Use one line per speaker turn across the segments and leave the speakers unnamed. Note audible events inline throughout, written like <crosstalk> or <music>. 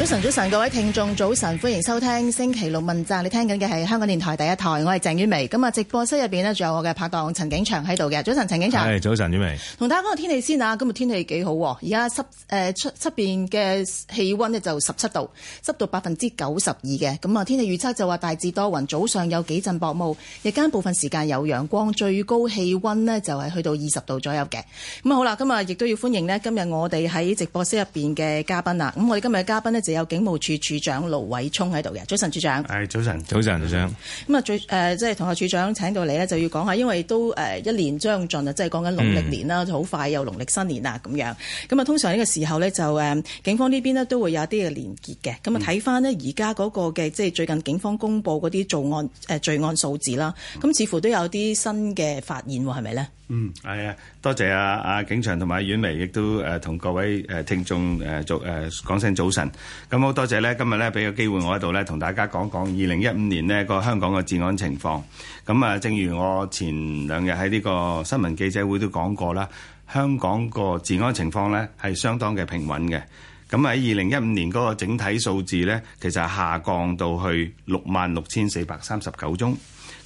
早晨，早晨，各位聽眾，早晨，歡迎收聽星期六問責。你聽緊嘅係香港電台第一台，我係鄭婉薇。咁啊，直播室入邊咧，仲有我嘅拍檔陳景祥喺度嘅。早晨，陳景祥。
係，早晨，婉薇。
同大家講個天氣先啊！今日天氣幾好，而家濕誒出出邊嘅氣溫咧就十七度，濕度百分之九十二嘅。咁啊，天氣預測就話大致多雲，早上有幾陣薄霧，日間部分時間有陽光，最高氣溫咧就係去到二十度左右嘅。咁好啦，今日亦都要歡迎咧，今日我哋喺直播室入邊嘅嘉賓啊！咁我哋今日嘅嘉賓咧有警務處處長盧偉聰喺度嘅。早晨，處長係，
早晨，早晨，處長。
咁啊，最誒，即係同阿處長請到你咧，就要講下，因為都誒一年將盡啊，即係講緊農曆年啦，好、嗯、快又農曆新年啦，咁樣咁啊，通常呢個時候咧就誒，警方呢邊呢，都會有一啲嘅連結嘅，咁啊、嗯，睇翻呢而家嗰個嘅即係最近警方公布嗰啲作案誒罪案數、呃、字啦，咁似乎都有啲新嘅發現喎，係咪咧？
嗯，係啊，多謝啊啊景祥同埋婉薇，亦、啊、都誒同各位誒聽眾誒早誒講聲早晨。咁、呃、好多謝咧，今日咧俾個機會我喺度咧，同大家講講二零一五年咧個香港個治安情況。咁、嗯、啊、呃，正如我前兩日喺呢個新聞記者會都講過啦，香港個治安情況咧係相當嘅平穩嘅。咁喺二零一五年嗰個整體數字咧，其實下降到去六萬六千四百三十九宗。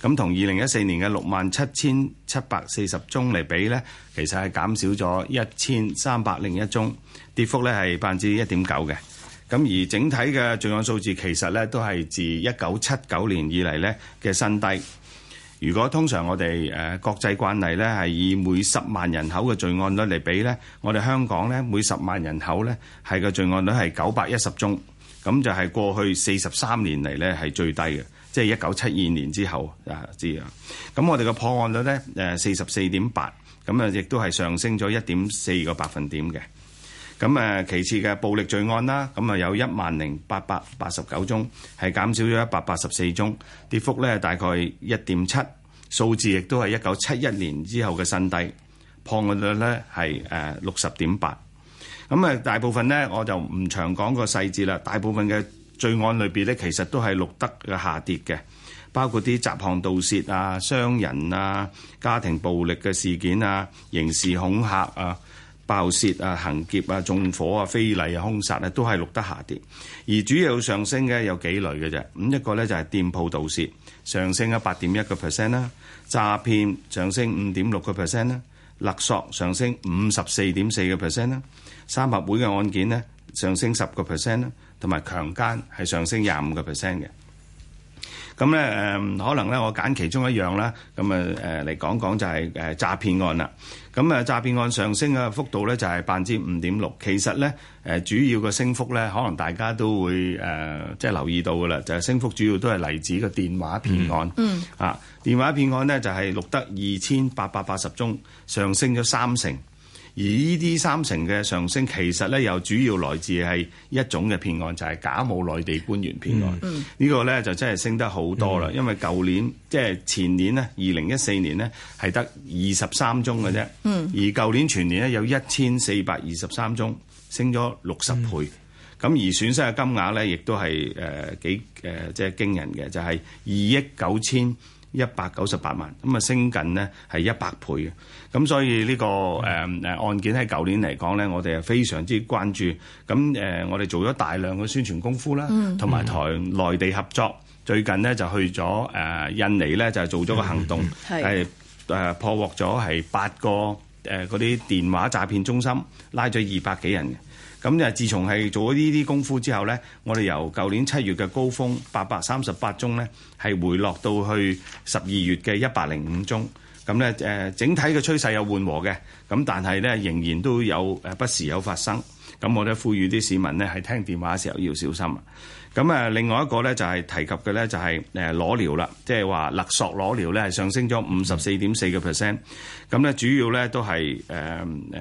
咁同二零一四年嘅六萬七千七百四十宗嚟比呢，其實係減少咗一千三百零一宗，跌幅咧係百分之一點九嘅。咁而整體嘅罪案數字其實呢都係自一九七九年以來呢嘅新低。如果通常我哋誒國際慣例呢係以每十萬人口嘅罪案率嚟比呢，我哋香港呢每十萬人口呢係個罪案率係九百一十宗，咁就係過去四十三年嚟呢係最低嘅。即係一九七二年之後啊，之樣。咁我哋嘅破案率咧，誒四十四點八，咁啊亦都係上升咗一點四個百分點嘅。咁誒、呃，其次嘅暴力罪案啦，咁啊有一萬零八百八十九宗，係減少咗一百八十四宗，跌幅咧大概一點七，數字亦都係一九七一年之後嘅新低。破案率咧係誒六十點八。咁啊、呃，大部分咧我就唔長講個細節啦，大部分嘅。罪案裏邊咧，其實都係錄得嘅下跌嘅，包括啲雜項盜竊啊、傷人啊、家庭暴力嘅事件啊、刑事恐嚇啊、爆竊啊、行劫啊、縱火啊、非禮啊、兇殺啊，都係錄得下跌。而主要上升嘅有幾類嘅啫，咁一個咧就係店鋪盜竊上升咗八點一個 percent 啦，詐騙上升五點六個 percent 啦，勒索上升五十四點四個 percent 啦，三合會嘅案件呢，上升十個 percent 啦。同埋強奸係上升廿五個 percent 嘅，咁咧誒可能咧我揀其中一樣啦，咁誒誒嚟講講就係誒詐騙案啦，咁誒詐騙案上升嘅幅度咧就係百分之五點六。其實咧誒、呃、主要嘅升幅咧，可能大家都會誒、呃、即係留意到噶啦，就係、是、升幅主要都係嚟自個電話騙案，嗯、mm hmm. 啊電話騙案咧就係、是、錄得二千八百八十宗，上升咗三成。而呢啲三成嘅上升，其實咧又主要來自係一種嘅騙案，就係、是、假冒內地官員騙案。呢、嗯、個咧就真係升得好多啦，嗯、因為舊年即係、就是、前年咧，二零一四年咧係得二十三宗嘅啫。嗯、而舊年全年咧有一千四百二十三宗，升咗六十倍。咁、嗯、而損失嘅金額咧，亦都係誒幾誒即係驚人嘅，就係、是、二億九千一百九十八萬，咁啊升近咧係一百倍嘅，咁所以呢個誒誒案件喺舊年嚟講咧，我哋係非常之關注，咁誒我哋做咗大量嘅宣傳功夫啦，同埋台內地合作，最近咧就去咗誒印尼咧就做咗個行動，係誒破獲咗係八個誒嗰啲電話詐騙中心，拉咗二百幾人。咁就係，自從係做咗呢啲功夫之後咧，我哋由舊年七月嘅高峰八百三十八宗咧，係回落到去十二月嘅一百零五宗。咁咧誒，整體嘅趨勢有緩和嘅，咁但係咧仍然都有誒不時有發生。咁我哋呼籲啲市民咧喺聽電話嘅時候要小心。咁啊，另外一個咧就係提及嘅咧就係誒裸聊啦，即係話勒索裸聊咧係上升咗五十四點四個 percent。咁咧主要咧都係誒誒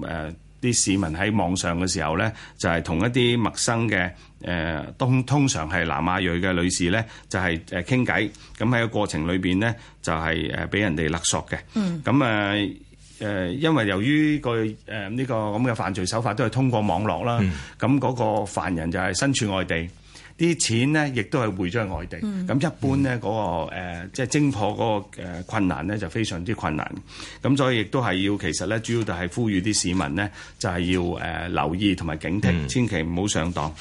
誒。啲市民喺網上嘅時候咧，就係同一啲陌生嘅誒，通通常係南亞裔嘅女士咧，就係誒傾偈，咁喺個過程裏邊咧，就係誒俾人哋勒索嘅。嗯，咁誒誒，因為由於個誒呢個咁嘅犯罪手法都係通過網絡啦，咁嗰個犯人就係身處外地。啲錢呢亦都係匯咗去外地。咁、嗯、一般呢、那、嗰個誒，嗯、即係偵破嗰個困難呢，就非常之困難。咁所以亦都係要其實呢主要就係呼籲啲市民呢，就係要誒留意同埋警惕，嗯、千祈唔好上當。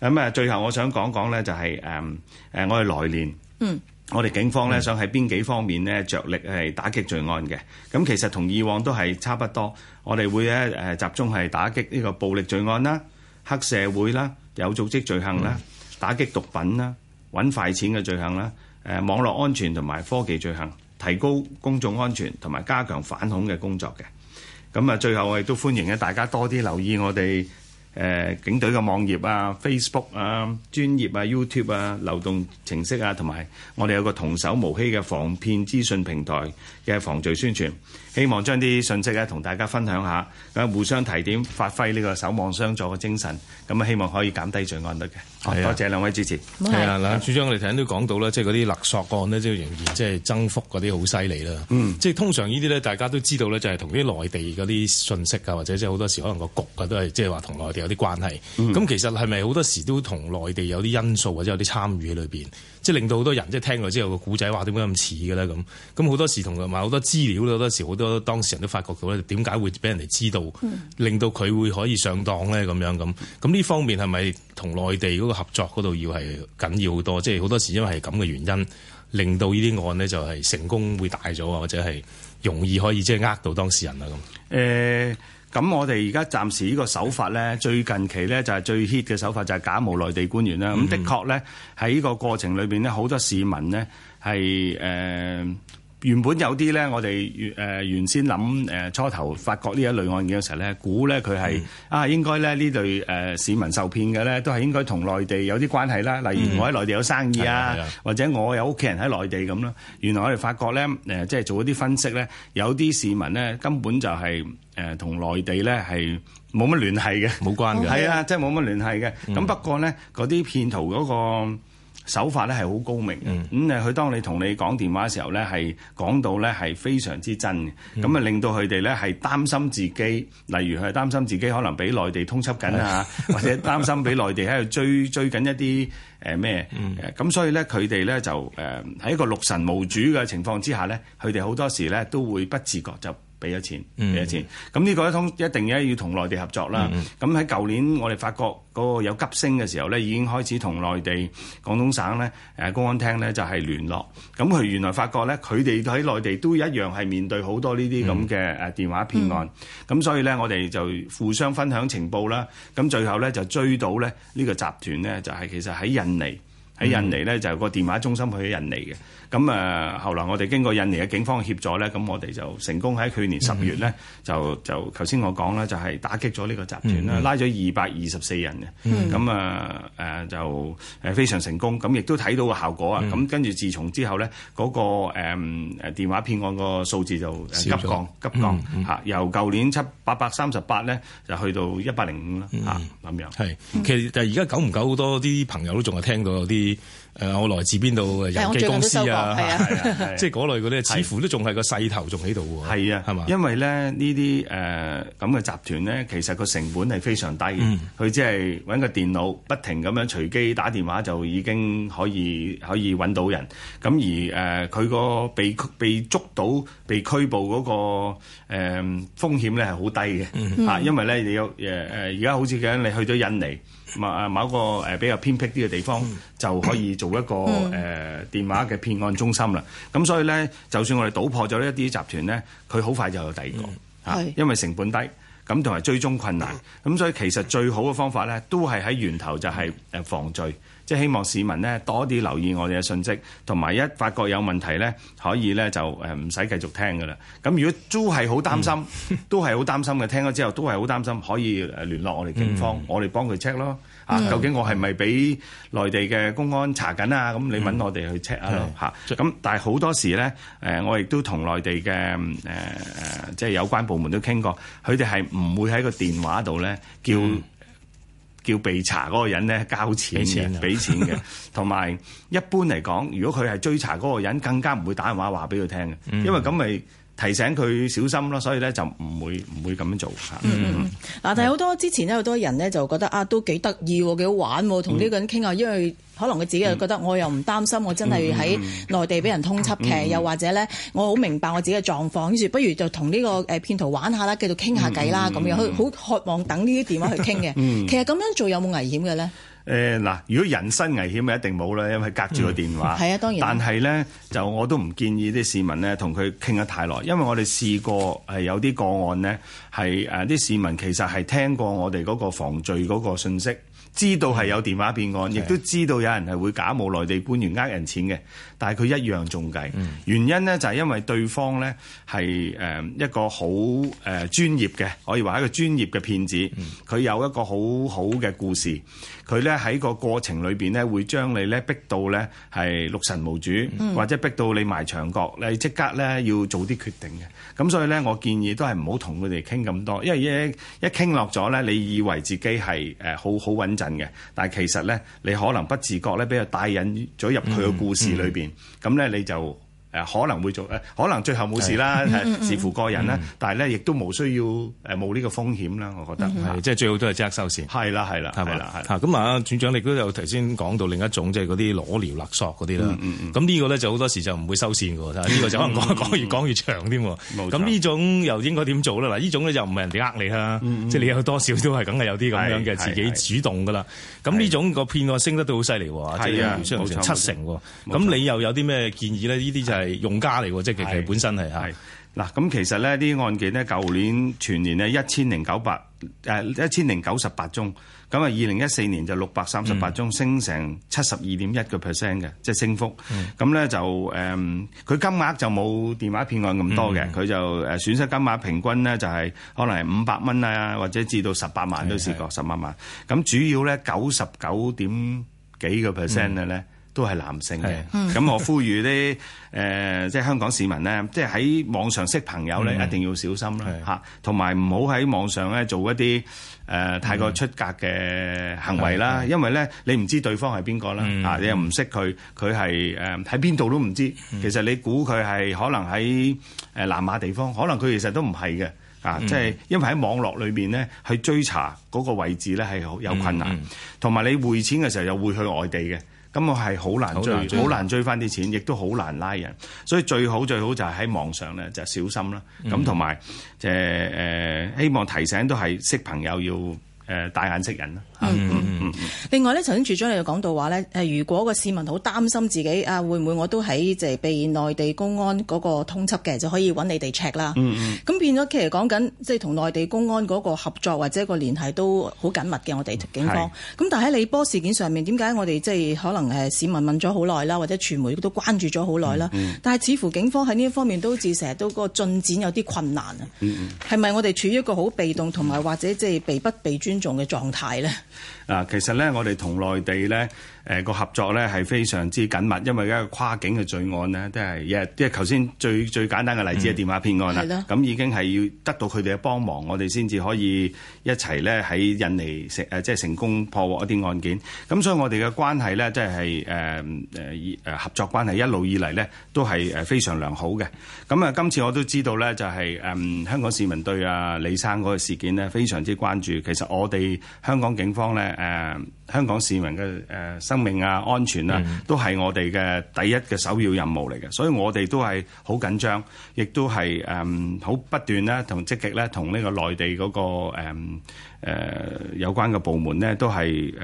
咁誒，最後我想講講呢，就係誒誒，我哋來年，嗯，我哋、嗯、警方呢想喺邊幾方面呢着力係打擊罪案嘅。咁其實同以往都係差不多，我哋會咧誒集中係打擊呢個暴力罪案啦、黑社會啦、有組織罪行啦。嗯打擊毒品啦、揾快錢嘅罪行啦、誒網絡安全同埋科技罪行，提高公眾安全同埋加強反恐嘅工作嘅。咁啊，最後我亦都歡迎咧，大家多啲留意我哋誒、呃、警隊嘅網頁啊、Facebook 啊、專頁啊、YouTube 啊、流動程式啊，同埋我哋有個童叟無欺嘅防騙資訊平台。嘅防罪宣傳，希望將啲信息咧同大家分享下，咁互相提點，發揮呢個守望相助嘅精神，咁啊希望可以減低罪案率。嘅、啊。係多謝兩位支持。係啊，嗱、啊，處長我哋頭先都講到啦，即係嗰啲勒索案咧，即係
仍然即係增幅嗰啲好犀利啦。即係、嗯、通常呢啲咧，大家都知道咧，就係同啲內地嗰啲信息啊，或者即係好多時可能個局啊，都係即係話同內地有啲關係。咁、嗯、其實係咪好多時都同內地有啲因素或者有啲參與喺裏邊？即係令到好多人即係聽過之後，個古仔話點解咁似嘅咧咁咁好多時同埋好多資料咧，好多時好多當事人都發覺到咧，點解會俾人哋知道，令到佢會可以上當咧咁樣咁。咁呢方面係咪同內地嗰個合作嗰度要係緊要好多？即係好多時因為係咁嘅原因，令到呢
啲案咧就係成功會大咗啊，或者係容易可以即係呃到當事人啊咁。誒。咁我哋而家暫時呢個手法咧，最近期咧就係、是、最 hit 嘅手法就係假冒內地官員啦。咁、mm hmm. 的確咧喺呢個過程裏邊咧，好多市民咧係誒。原本有啲咧，我哋誒原先諗誒初頭發覺呢一類案件嘅時候咧，估咧佢係啊應該咧呢類誒市民受騙嘅咧，都係應該同內地有啲關係啦。例如我喺內地有生意啊，或者我有屋企人喺內地咁啦。原來我哋發覺咧誒，即係做一啲分析咧，有啲市民咧根本就係誒同內地咧係冇乜聯繫嘅，冇關嘅，係啊，即係冇乜聯繫嘅。咁不過咧，嗰啲騙徒嗰個。手法咧係好高明嘅，咁誒佢當你同你講電話嘅時候咧，係講到咧係非常之真嘅，咁啊、嗯、令到佢哋咧係擔心自己，例如佢係擔心自己可能俾內地通緝緊啊，嗯、或者擔心俾內地喺度追追緊一啲誒咩，咁、呃嗯啊、所以咧佢哋咧就誒喺、呃、一個六神無主嘅情況之下咧，佢哋好多時咧都會不自覺就。俾咗錢，俾咗錢。咁呢個一通一定咧要同內地合作啦。咁喺舊年我哋發覺嗰個有急升嘅時候咧，已經開始同內地廣東省咧誒公安廳咧就係、是、聯絡。咁佢原來發覺咧，佢哋喺內地都一樣係面對好多呢啲咁嘅誒電話騙案。咁、嗯、所以咧，我哋就互相分享情報啦。咁最後咧就追到咧呢個集團咧，就係、是、其實喺印尼。喺印尼咧就個電話中心去咗印尼嘅，咁啊，後來我哋經過印尼嘅警方協助咧，咁我哋就成功喺去年十月咧，就就頭先我講啦，就係打擊咗呢個集團啦，拉咗二百二十四人嘅，咁啊誒就誒非常成功，咁亦都睇到個效果啊，咁跟住自從之後咧，嗰個誒誒電話騙案個數字就急降急降嚇，由舊年七八百三十八咧，就去到一百零五啦嚇咁樣。係，其實但係而家
久唔久好多啲朋友都仲係聽到有啲。誒、呃，我來自邊度？郵寄公司啊，即係嗰類嗰啲，似乎都仲係個勢頭仲喺度。係 <laughs> 啊，係嘛、啊？
因為咧呢啲誒咁嘅集團咧，其實個成本係非常低，佢即係揾個電腦不停咁樣隨機打電話，就已經可以可以揾到人。咁而誒，佢、呃、個被被捉到被拘捕嗰、那個誒、呃、風險咧係好低嘅吓、嗯啊，因為咧你有誒誒，而、呃、家好似嘅你去咗印尼。某啊某一個比較偏僻啲嘅地方、嗯、就可以做一個誒、嗯呃、電話嘅騙案中心啦。咁所以呢，就算我哋搗破咗呢一啲集團呢，佢好快就有第二個，係因為成本低，咁同埋追蹤困難。咁是所以其實最好嘅方法呢，都係喺源頭就係誒防罪。即係希望市民咧多啲留意我哋嘅訊息，同埋一發覺有問題咧，可以咧就誒唔使繼續聽㗎喇。咁如果都係好擔心，都係好擔心嘅。聽咗之後都係好擔心，可以誒聯絡我哋警方，我哋幫佢 check 咯。啊，究竟我係咪俾內地嘅公安查緊啊？咁你揾我哋去 check 啊嚇。咁但係好多時咧，誒我亦都同內地嘅誒誒即係有關部門都傾過，佢哋係唔會喺個電話度咧叫叫被查嗰個人咧交錢俾錢嘅，同埋 <laughs> 一般嚟講，如果佢係追查嗰個人，更加唔會打電話話俾佢聽嘅，嗯、因為咁咪。提醒佢小心咯，所以咧就唔會唔會咁樣做嗱，嗯嗯、
但係好多、嗯、之前呢，好多人呢就覺得啊，都幾得意喎，幾好玩喎，同呢個人傾啊，嗯、因為可能佢自己又覺得我又唔擔心，我真係喺內地俾人通緝，其、嗯、又或者呢，我好明白我自己嘅狀況，嗯、於是不如就同呢個誒騙徒玩下啦，繼續傾下偈啦，咁、嗯嗯、樣好渴望等呢啲電話去傾嘅。嗯嗯、其實咁樣做有冇危險嘅呢？
誒嗱、呃，如果人身危險咪一定冇啦，因為隔住個電話。係啊、嗯，當然。但係咧，就我都唔建議啲市民咧同佢傾得太耐，因為我哋試過係有啲個案咧係誒啲市民其實係聽過我哋嗰個防罪嗰個訊息，知道係有電話騙案，亦的都知道有人係會假冒內地官員呃人錢嘅，但係佢一樣中計。嗯、原因咧就係、是、因為對方咧係誒一個好誒專業嘅，可以話係一個專業嘅騙子，佢、嗯、有一個好好嘅故事。佢咧喺個過程裏邊咧，會將你咧逼到咧係六神無主，嗯、或者逼到你埋牆角，你即刻咧要做啲決定嘅。咁所以咧，我建議都係唔好同佢哋傾咁多，因為一一傾落咗咧，你以為自己係誒好好穩陣嘅，但係其實咧，你可能不自覺咧，畀佢帶引咗入佢嘅故事裏邊，咁咧、嗯嗯、你就。可能會做誒，可能最後冇事啦，視乎個人啦。但係咧，亦都冇需要誒，冇呢個風險啦。我覺得，即係
最好都係即刻收線。係啦，係啦，係咪啦？嚇咁啊，處長，你都有頭先講到另一種，即係嗰啲裸聊勒索嗰啲啦。咁呢個咧就好多時就唔會收線㗎喎。呢個就可能講講越講越長添。冇錯。咁呢種又應該點做咧？嗱，呢種咧就唔係人哋呃你啦，即係你有多少都係梗係有啲咁樣嘅自己主動㗎啦。係係。咁呢種個騙案升得都好犀利喎。即係七成喎。冇錯。咁你又有啲咩建議呢？呢啲
就係。用家嚟喎，即係佢本身係。係嗱，咁其實咧啲案件咧，舊年全年咧一千零九百，誒一千零九十八宗，咁啊二零一四年就六百三十八宗，升成七十二點一個 percent，嘅，即係升幅。咁咧就誒，佢金額就冇電話騙案咁多嘅，佢就誒損失金額平均咧就係可能係五百蚊啊，或者至到十八萬都試過，十八萬。咁主要咧九十九點幾個 percent 嘅咧。都係男性嘅。咁，我呼籲啲誒，即係香港市民咧，即係喺網上識朋友咧，一定要小心啦嚇，同埋唔好喺網上咧做一啲誒太過出格嘅行為啦。因為咧，你唔知對方係邊個啦嚇，你又唔識佢，佢係誒喺邊度都唔知。其實你估佢係可能喺誒南亞地方，可能佢其實都唔係嘅啊。即係因為喺網絡裏面咧，去追查嗰個位置咧係好有困難，同埋你匯錢嘅時候又會去外地嘅。咁我係好難追，好難追翻啲追錢，亦都好難拉人，嗯、所以最好最好就係喺網上咧就小心啦。咁同埋誒誒，希望提醒都係識朋友要。誒、呃、大眼識人啦。嗯
嗯嗯、另外呢，頭先處長你又講到話呢，誒如果個市民好擔心自己啊，會唔會我都喺、即係、被內地公安嗰個通緝嘅，就可以揾你哋 check 啦。咁、嗯、變咗其實講緊即係同內地公安嗰個合作或者個聯繫都好緊密嘅，我哋警方。咁是但係喺李波事件上面，點解我哋即係可能誒市民問咗好耐啦，或者傳媒都關注咗好耐啦，嗯嗯、但係似乎警方喺呢一方面都自成日都個進展有啲困難啊。嗯係咪、嗯、我哋處於一個好被動同埋或者即係被不被尊種嘅狀態咧。嗯
啊，其實咧，我哋同內地咧，誒個合作咧係非常之緊密，因為一個跨境嘅罪案呢，都係一即係頭先最最簡單嘅例子係電話騙案啦。咁、嗯、已經係要得到佢哋嘅幫忙，我哋先至可以一齊咧喺印尼成誒即係成功破獲一啲案件。咁所以我哋嘅關係咧、就是，即係誒誒誒合作關係一路以嚟咧，都係誒非常良好嘅。咁啊，今次我都知道咧、就是，就係誒香港市民對阿李生嗰個事件呢非常之關注。其實我哋香港警方咧。誒、呃、香港市民嘅誒、呃、生命啊、安全啊，嗯、都係我哋嘅第一嘅首要任務嚟嘅，所以我哋都係好緊張，亦都係誒好不斷咧、那個，同積極咧，同呢個內地嗰個誒誒有關嘅部門咧，都係誒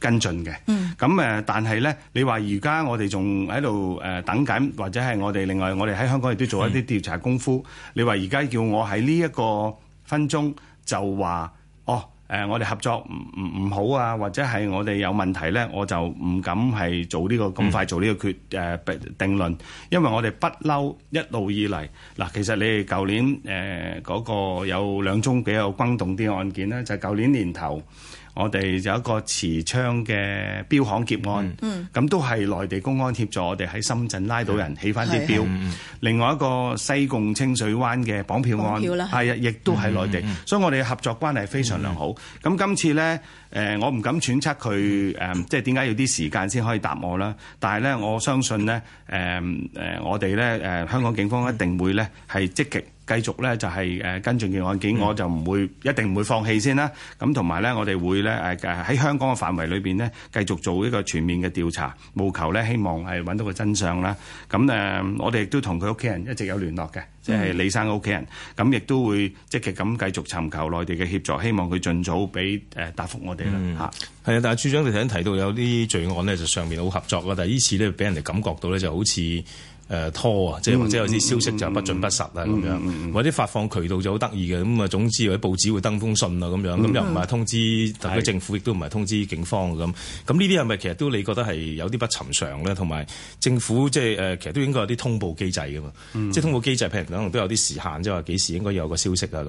跟進嘅。嗯，咁誒，但係咧，你話而家我哋仲喺度誒等緊，或者係我哋另外，我哋喺香港亦都做一啲調查功夫。嗯、你話而家叫我喺呢一個分鐘就話。誒、呃，我哋合作唔唔唔好啊，或者係我哋有問題咧，我就唔敢係做呢、這個咁快做呢個決誒、呃、定論，因為我哋不嬲一路以嚟嗱，其實你哋舊年誒、呃嗰個有兩宗比較轟動啲案件咧，就係、是、舊年年頭。我哋有一個持槍嘅錶行劫案，咁、嗯、都係內地公安協助我哋喺深圳拉到人，的起返啲錶。的另外一個西貢清水灣嘅綁票案，係啊，亦都係內地，嗯、所以我哋嘅合作關係非常良好。咁今、嗯、次呢。誒，我唔敢揣測佢誒，即係點解要啲時間先可以答我啦。但係咧，我相信咧，誒誒，我哋咧，誒香港警方一定會咧係積極繼續咧，就係誒跟進件案件，我就唔會一定唔會放棄先啦。咁同埋咧，我哋會咧誒喺香港嘅範圍裏邊咧，繼續做一個全面嘅調查，務求咧希望係搵到個真相啦。咁誒，我哋亦都同佢屋企人一直有聯絡嘅。即係李生嘅屋企人，咁亦都會積極咁繼續尋求內地嘅協助，希望佢盡早俾誒、呃、答覆我哋啦嚇。係啊、嗯，是但係處長你頭先提
到有啲罪案咧，就上面好合作啊，但係呢次咧俾人哋感覺到咧就好似。誒拖啊，即係或者有啲消息就不準不實啊咁樣，嗯嗯嗯嗯、或者發放渠道就好得意嘅，咁啊總之或者報紙會登封信啊咁樣，咁、嗯嗯、又唔係通知，但係是政府亦都唔係通知警方咁。咁呢啲係咪其實都你覺得係有啲不尋常咧？同埋政府即係誒，其實都應該有啲通報機制㗎嘛。嗯、即係通報機制，譬如可能都有啲時限，即係話幾時應該有個消息啊咁。咁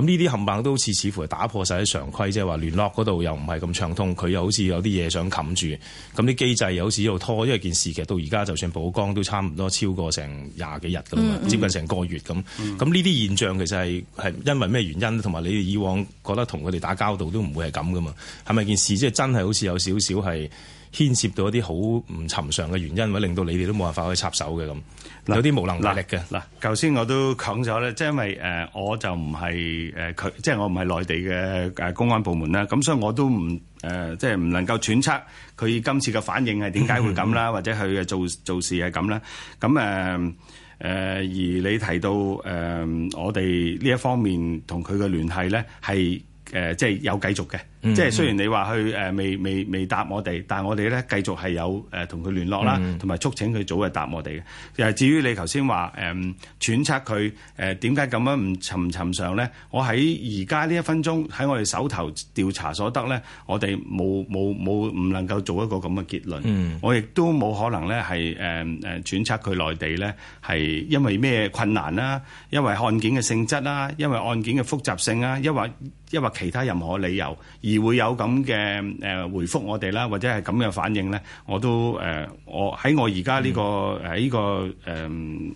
呢啲冚棒都好似似乎係打破晒啲常規，即係話聯絡嗰度又唔係咁暢通，佢又好似有啲嘢想冚住，咁啲機制又好似喺度拖，因為件事其實到而家就算曝光都差唔多。超過成廿幾日咁啊，接近成個月咁。咁呢啲現象其實係係因為咩原因？同埋你哋以往覺得同佢哋打交道都唔會係咁㗎嘛？係咪件事即係真係好似有少少係牽涉到一啲好唔尋常嘅原因，或令到你哋都冇辦法可以插手嘅咁？有啲無能為力嘅嗱，
頭先我都講咗咧，即係因為誒，我就唔係誒佢，即係我唔係內地嘅誒公安部門啦，咁所以我都唔誒，即係唔能夠揣測佢今次嘅反應係點解會咁啦， <laughs> 或者佢嘅做做事係咁啦，咁誒誒，而你提到誒，我哋呢一方面同佢嘅聯繫咧，係誒，即係有繼續嘅。即係雖然你話佢誒未未未答我哋，但係我哋咧繼續係有誒同佢聯絡啦，同埋促請佢早日答我哋嘅。又係至於你頭先話誒揣測佢誒點解咁樣唔尋尋常咧？我喺而家呢一分鐘喺我哋手頭調查所得咧，我哋冇冇冇唔能夠做一個咁嘅結論。嗯、我亦都冇可能咧係誒誒揣測佢內地咧係因為咩困難啦，因為案件嘅性質啦，因為案件嘅複雜性啦，抑或抑或其他任何理由而會有咁嘅誒回覆我哋啦，或者係咁嘅反應咧，我都誒、呃、我喺我而家呢個誒呢個誒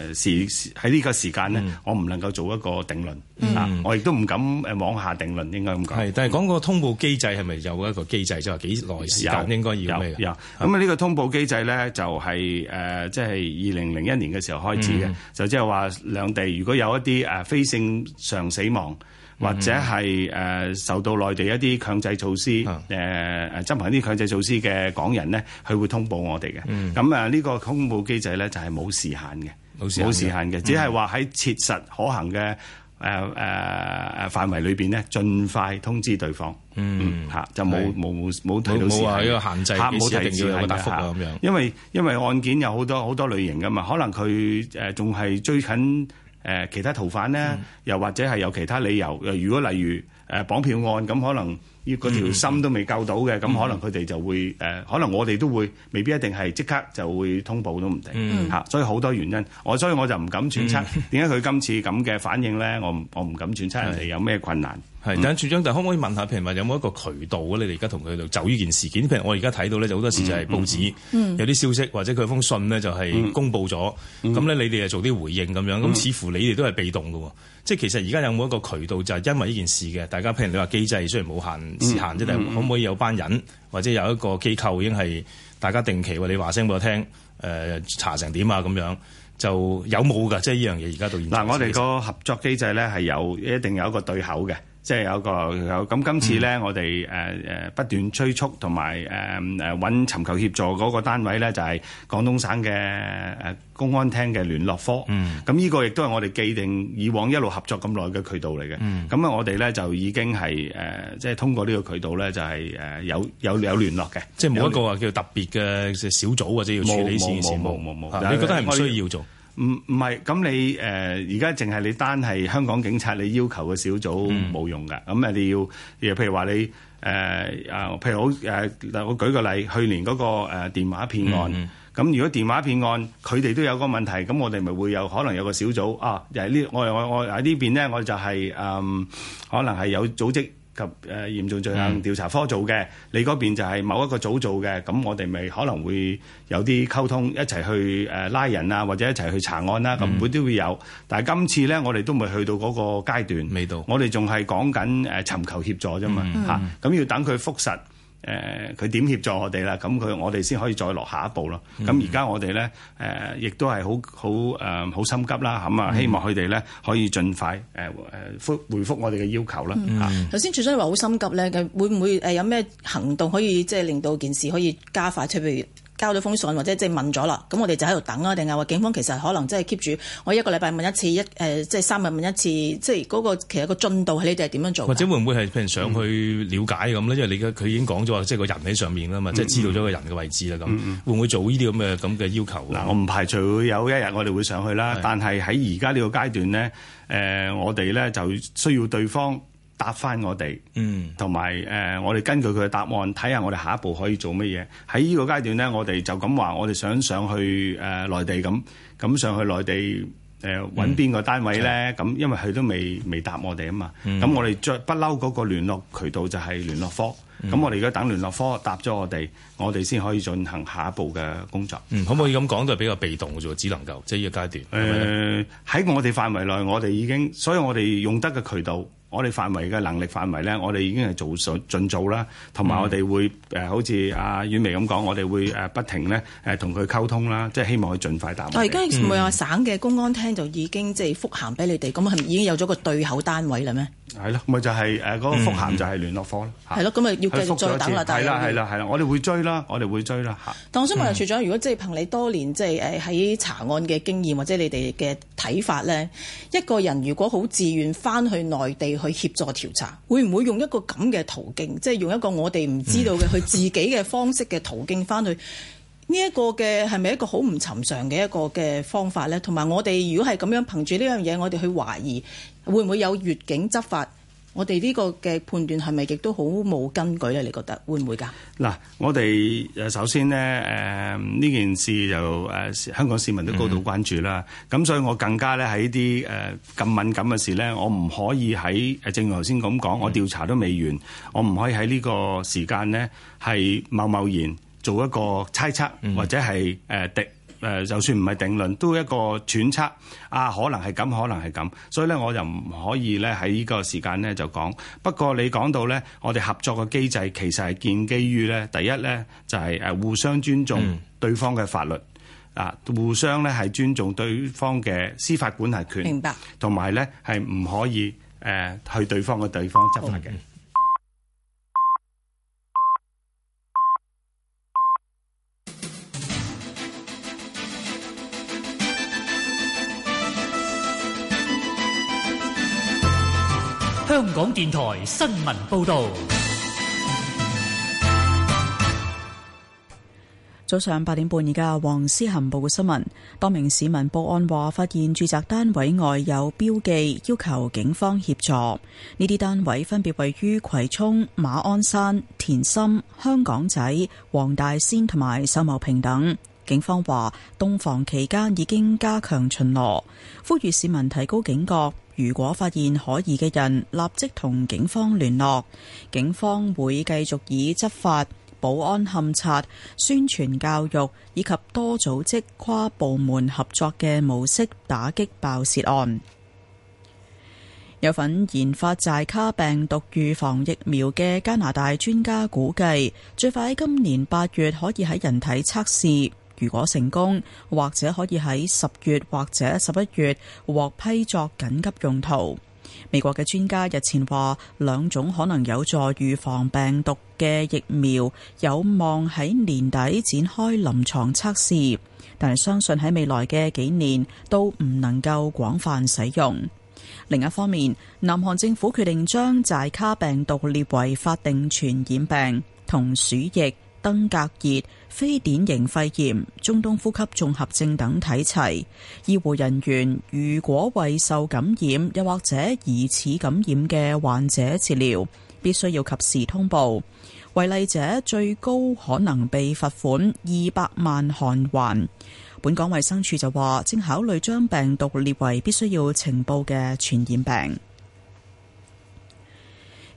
誒時喺呢個時間咧，嗯、我唔能夠做一個定論嗱、嗯啊，我亦都唔敢誒妄下定論，應該咁講。係，但係講個通報機制係咪有一個機制，就係幾耐時間有應該要有咁啊？呢個通報機制咧就係、是、誒，即係二零零一年嘅時候開始嘅，嗯、就即係話兩地如果有一啲誒非正常死亡。或者係誒、呃、受到內地一啲強制措施誒誒、呃、執行一啲強制措施嘅港人呢，佢會通報我哋嘅。咁啊呢個通報機制咧就係、是、冇時限嘅，冇時限嘅，限嗯、只係話喺切實可行嘅誒誒範圍裏邊呢，盡快通知對方。嗯，嚇、嗯、就冇冇冇提到時限。冇冇限制，冇時一定要答覆咁樣。因為因為，因為案件有好多好多類型噶嘛，可能佢誒仲係追緊。誒，其他逃犯咧，又或者係有其他理由，誒，如果例如誒綁票案咁，可能。要嗰條心都未夠到嘅，咁可能佢哋就會誒、呃，可能我哋都會未必一定係即刻就會通報都唔定嚇、嗯啊，所以好多原因，我所以我就唔敢揣測點解佢今次咁嘅反應咧，我我唔敢揣測人哋有咩困難。
係，嗯、等下處長，但可唔可以問下，譬如話有冇一個渠道你哋而家同佢就就呢件事件，譬如我而家睇到咧，就好多時就係報紙、嗯嗯、有啲消息，或者佢封信咧就係公佈咗，咁咧、嗯嗯、你哋就做啲回應咁樣，咁、嗯、似乎你哋都係被動嘅，嗯、即係其實而家有冇一個渠道就係因為呢件事嘅，大家譬如你話機制雖然冇限。時限啫，但、嗯、可唔可以有班人或者有一個機構已經係大家定期話你話聲俾我聽，誒、呃、查成點啊咁樣，
就有冇㗎？即係呢樣嘢而家到現。嗱，我哋個合作機制咧係有一定有一個對口嘅。即係有個有，咁今次咧，我哋誒誒不斷催促同埋誒誒搵尋求協助嗰個單位咧，就係廣東省嘅公安廳嘅聯絡科。咁呢個亦都係我哋既定以往一路合作咁耐嘅渠道嚟嘅。咁啊，我哋咧就已經係誒，即係通過呢個渠道咧，就係誒有有有聯絡嘅。即係冇一個話叫特別嘅小組或者要處理呢件事。冇冇冇冇冇，你覺得係唔需要做？唔唔係，咁你誒而家淨係你單係香港警察你要求嘅小組冇、嗯、用噶，咁啊你要，譬如話你誒啊、呃，譬如好誒、呃，我舉個例，去年嗰個誒電話騙案，咁、嗯嗯、如果電話騙案佢哋都有個問題，咁我哋咪會有可能有個小組啊，又係呢，我我我喺呢邊咧，我就係誒，可能係有組織。及誒、呃、嚴重罪行調查科做嘅，嗯、你嗰邊就係某一個組做嘅，咁我哋咪可能會有啲溝通，一齊去誒拉、呃、人啊，或者一齊去查案啦，咁、嗯、會都會有。但係今次呢，我哋都未去到嗰個階段，未到，我哋仲係講緊誒尋求協助啫嘛嚇，咁、嗯啊、要等佢覆實。誒佢點協助我哋啦？咁佢我哋先可以再落下，下一步咯。咁而家我哋咧誒，亦都係好好誒，好心急啦。咁啊，希望佢哋咧可以盡快誒誒復回覆我哋嘅要求啦。嚇、嗯！
頭先處長話好心急咧，佢會唔會誒有咩行動可以即係令到件事可以加快出？比如交咗封信或者即係問咗啦，咁我哋就喺度等啊，定係話警方其實可能即係 keep 住我一個禮拜問一次一誒，即、呃、係、係、三日問一次，即係嗰個其實個進度係你哋係點樣做？或者
會唔會係譬如上去了解咁咧？嗯、因為你佢已經講咗話，即、就、係、係嗯、個人喺上面
㗎嘛，即係知道咗個人嘅位置啦咁，會唔會做呢啲咁嘅咁嘅要求？嗱，我唔排除會有一日我哋會上去啦，的但係喺而家呢個階段呢，誒、呃、我哋咧就需要對方。答翻我哋，
嗯，
同埋誒，我哋根據佢嘅答案睇下，看看我哋下一步可以做乜嘢？喺呢個階段咧，我哋就咁話，我哋想上去誒、呃、內地咁，咁上去內地誒揾邊個單位咧？咁、嗯、因為佢都未未答我哋啊嘛，咁、嗯、我哋著不嬲嗰個聯絡渠道就係聯絡科，咁我哋而家等聯絡科答咗我哋，我哋先可以進行下一步嘅工作。嗯、可唔可以咁講都係比較被
動嘅啫，只能夠
即係呢個階段。誒喺、呃、我哋範圍內，我哋已經，所以我哋用得嘅渠道。我哋範圍嘅能力範圍咧，我哋已經係做盡盡做啦，同埋我哋會誒、嗯呃、好似阿婉薇咁講，我哋會誒、呃、不停咧誒同佢溝通啦，即係希望佢盡快答。但而家唔係話
省嘅公安廳就已經即係覆函俾你哋，咁係咪已經有咗個對口單位啦咩？
係咯，咪、那個、就係誒嗰個復函就係聯絡科咯。係咯、
嗯，咁咪要繼續再等啦。係啦的，係啦，
係啦，我哋會追啦，我哋會追啦。但我想問處
長，嗯、如果即係憑你多年即係誒喺查案嘅經驗或者你哋嘅睇法咧，一個人如果好自願翻去內地去協助調查，會唔會用一個咁嘅途徑，即係用一個我哋唔知道嘅佢、嗯、自己嘅方式嘅途徑翻去？呢、這個、一個嘅係咪一個好唔尋常嘅一個嘅方法咧？同埋我哋如果係咁樣憑住呢樣嘢，我哋去懷疑。會唔會有越境執法？我哋呢個嘅判斷係咪亦都好冇根據咧？你覺得會唔會㗎？嗱，我
哋誒首先呢，誒、呃、呢件事就誒、呃、香港市民都高度關注啦。咁、mm hmm. 所以我更加咧喺啲誒咁敏感嘅事咧，我唔可以喺誒正如頭先咁講，mm hmm. 我調查都未完，我唔可以喺呢個時間呢，係貿貿然做一個猜測、mm hmm. 或者係誒的。呃誒、呃，就算唔係定論，都一個揣測啊，可能係咁，可能係咁，所以咧，我就唔可以咧喺呢個時間咧就講。不過你講到咧，我哋合作嘅機制其實係建基於咧，第一咧就係、是、誒互相尊重對方嘅法律、嗯、啊，互相咧係尊重對方嘅司法管轄權，明白，同埋咧係唔可以誒、呃、去對方嘅地方執法嘅。
香港電台新聞報道，早上八點半，而家黃思恆報嘅新聞：多名市民報案話，發現住宅單位外有標記，要求警方協助。呢啲單位分別位於葵涌、馬鞍山、田心、香港仔、黃大仙同埋秀茂坪等。警方話，冬防期間已經加強巡邏，呼籲市民提高警覺。如果發現可疑嘅人，立即同警方聯絡。警方會繼續以執法、保安、勘察、宣傳教育以及多組織跨部門合作嘅模式，打擊爆竊案。有份研發寨卡病毒預防疫苗嘅加拿大專家估計，最快喺今年八月可以喺人體測試。如果成功，或者可以喺十月或者十一月獲批作緊急用途。美國嘅專家日前話，兩種可能有助預防病毒嘅疫苗，有望喺年底展開臨床測試，但係相信喺未來嘅幾年都唔能夠廣泛使用。另一方面，南韓政府決定將寨卡病毒列為法定傳染病，同鼠疫、登革熱。非典型肺炎、中東呼吸綜合症等睇齊，醫護人員如果為受感染又或者疑似感染嘅患者治療，必須要及時通報。違例者最高可能被罰款二百萬韓元。本港衛生署就話，正考慮將病毒列為必須要情報嘅傳染病。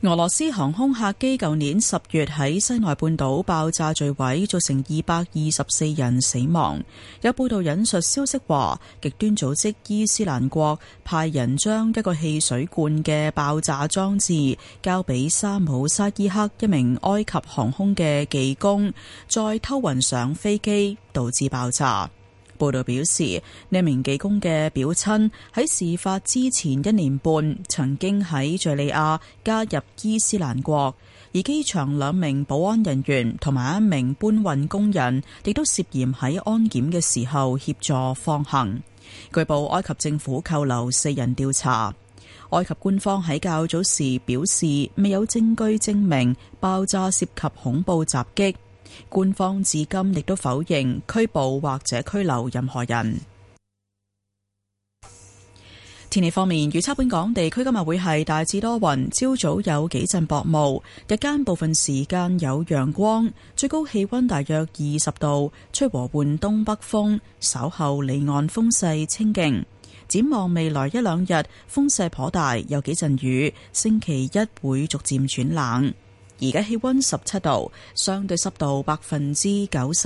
俄羅斯航空客機舊年十月喺西奈半島爆炸墜毀，造成二百二十四人死亡。有報道引述消息話，極端組織伊斯蘭國派人將一個汽水罐嘅爆炸裝置交俾沙姆沙伊克一名埃及航空嘅技工，再偷運上飛機，導致爆炸。報道表示，呢名技工嘅表親喺事發之前一年半，曾經喺敘利亞加入伊斯蘭國；而機場兩名保安人員同埋一名搬運工人，亦都涉嫌喺安檢嘅時候協助放行。據報，埃及政府扣留四人調查。埃及官方喺較早時表示，未有證據證明爆炸涉及恐怖襲擊。官方至今亦都否認拘捕或者拘留任何人。天氣方面，預測本港地區今日會係大致多雲，朝早有幾陣薄霧，日間部分時間有陽光，最高氣溫大約二十度，吹和緩東北風，稍後離岸風勢清勁。展望未來一兩日，風勢頗大，有幾陣雨，星期一會逐漸轉冷。而家氣溫十七度，相對濕度百分之九十。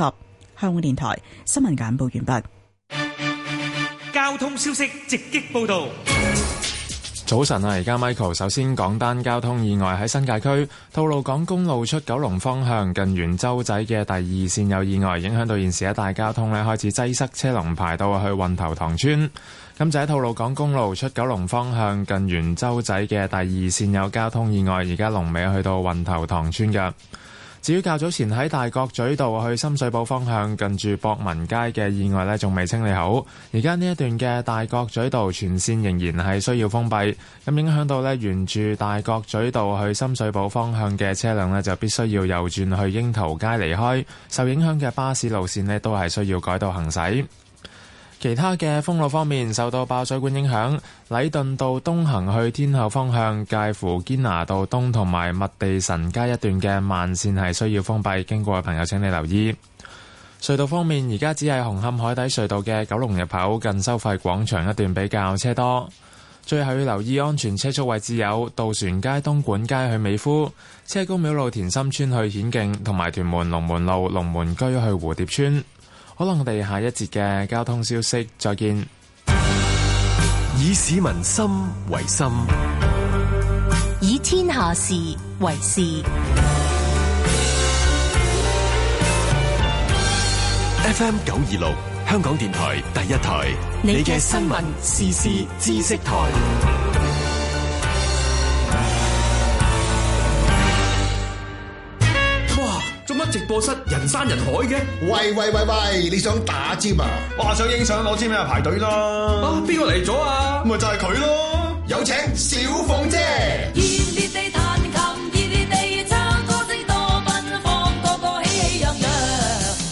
香港電台新聞簡報完畢。
交通消息直擊報道。
早晨啊，而家 Michael 首先講單交通意外喺新界區吐露港公路出九龍方向近元洲仔嘅第二線有意外，影響到現時一帶交通咧，開始擠塞，車龍排到去運頭塘村。咁就喺吐露港公路出九龍方向近元洲仔嘅第二線有交通意外，而家龍尾去到運頭塘村嘅。至於較早前喺大角咀道去深水埗方向近住博文街嘅意外呢，仲未清理好，而家呢一段嘅大角咀道全線仍然係需要封閉，咁影響到呢沿住大角咀道去深水埗方向嘅車輛呢，就必須要右轉去櫻桃街離開。受影響嘅巴士路線呢，都係需要改道行駛。其他嘅封路方面，受到爆水管影響，禮頓道東行去天后方向，介乎堅拿道東同埋麥地臣街一段嘅慢綫係需要封閉，經過嘅朋友請你留意。隧道方面，而家只係紅磡海底隧道嘅九龍入口近收費廣場一段比較車多。最後要留意安全車速位置有：渡船街、東莞街去美孚、車公廟路、田心村去顯徑，同埋屯門龍門路、龍門居去蝴蝶村。可能我哋下一節嘅交通消息再見。以市民心為心，
以天下事為事。
FM 九二六，香港電台第一台，你嘅新聞、時事、知識台。
直播室
人山人海嘅，喂喂喂喂，你想打尖啊？話、啊、想影相攞支咩？排隊啦！啊，邊個嚟咗啊？咁咪就係佢咯！有請小鳳姐。熱烈地彈琴，熱烈地唱，歌聲多奔放，個
個喜氣洋洋。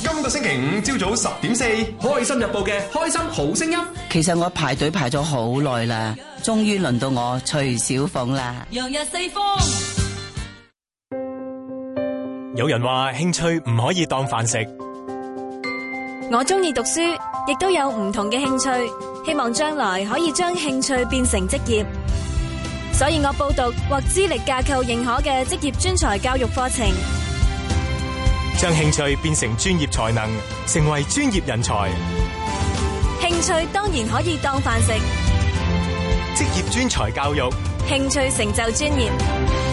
今個星期五朝早十點四，開心日報嘅開心好聲音。
其實我排隊排咗好耐啦，終於輪到我徐小鳳啦。陽日四方
有人話興趣唔可以當飯食，
我中意讀書，亦都有唔同嘅興趣，希望將來可以將興趣變成職業，所以我報讀獲
資歷架構認可嘅職業專才教育課程，
將興趣變成專業才能，成為專業人才。
興趣當
然可以當飯食，
職業專才教育，
興趣成就專業。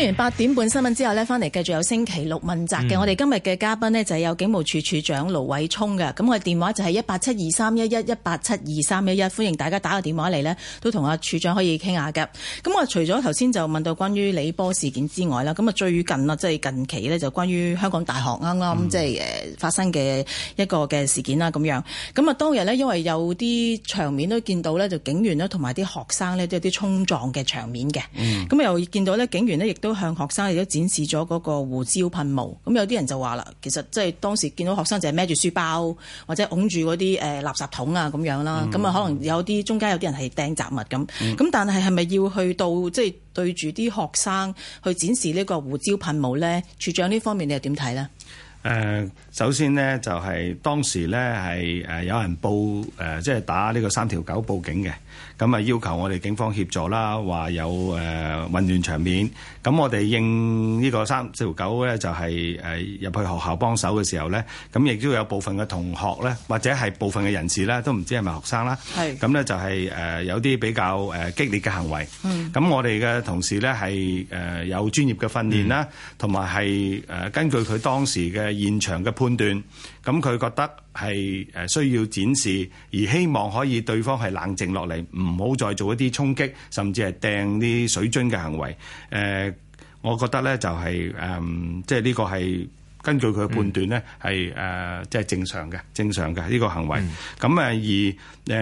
聽完八點半新聞之後呢，翻嚟繼續有星期六問責嘅。嗯、我哋今日嘅嘉賓呢，就係、是、有警務處處長盧偉聰嘅。咁我電話就係一八七二三一一一八七二三一一，歡迎大家打個電話嚟呢，都同阿處長可以傾下嘅。咁我除咗頭先就問到關於李波事件之外啦，咁啊最近啊，即、就、係、是、近期呢，就關於香港大學啱啱即係誒發生嘅一個嘅事件啦咁樣。咁啊當日呢，因為有啲場面都見到呢，就警員呢，同埋啲學生呢，都有啲衝撞嘅場面嘅。嗯。咁、嗯、又見到呢，警員呢，亦都。都向學生亦都展示咗嗰個胡椒噴霧，咁有啲人就話啦，其實即係當時見到學生就係孭住書包或者擁住嗰啲誒垃圾桶啊咁樣啦，咁啊、嗯、可能有啲中間有啲人係掟雜物咁，咁、嗯、但係係咪要去到即係、就是、對住啲學生去展示呢個胡椒噴霧呢？處長呢方面你又點睇呢？誒、
呃。首先咧，就係當時咧，係誒有人報誒，即係打呢個三條九報警嘅，咁啊要求我哋警方協助啦，話有誒混亂場面。咁我哋應呢個三條九咧，就係誒入去學校幫手嘅時候咧，咁亦都有部分嘅同學咧，或者係部分嘅人士咧，都唔知係咪學生啦。係咁咧，就係誒有啲比較誒激烈嘅行為。嗯。咁我哋嘅同事咧係誒有專業嘅訓練啦，同埋係誒根據佢當時嘅現場嘅。判斷。咁佢覺得係誒需要展示，而希望可以對方係冷靜落嚟，唔好再做一啲衝擊，甚至係掟啲水樽嘅行為。誒、呃，我覺得呢，就係、是、誒、呃，即係呢個係。根據佢嘅判斷咧，係誒即係正常嘅，正常嘅呢個行為。咁誒而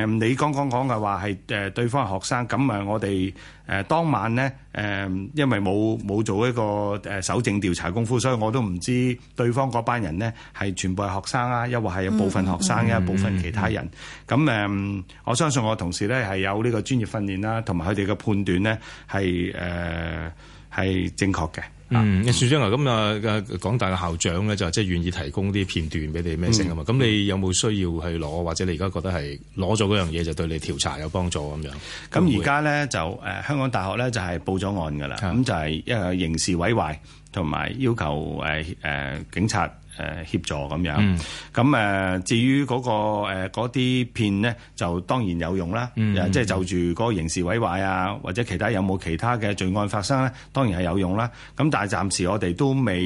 誒你剛剛講嘅話係誒對方係學生，咁誒我哋誒當晚咧誒，因為冇冇做一個誒搜證調查功夫，所以我都唔知對方嗰班人咧係全部係學生啊，抑或係有部分學生一部分其他人。咁誒，我相信我同事咧係有呢個專業訓練啦，同埋佢哋嘅判斷咧係誒係正確嘅。嗯，署長啊咁啊，港大嘅校長咧就即係願
意提供啲片段俾你咩聲啊嘛？咁、嗯、你有冇需要去攞？或者你而家覺得係攞咗嗰
樣嘢就對你調查有幫助咁樣？咁而家咧就誒、呃、香港大學咧就係、是、報咗案噶啦，咁是的 就係因為刑事毀壞同埋要求誒誒、呃、警察。誒協助咁樣咁、誒、mm. 至於，個誒啲片咧，就當然有用啦，mm hmm. 即係就住個刑事毀壞啊，或者其他有冇其他嘅罪案發生咧，當然係有用啦。咁但係暫時我哋都未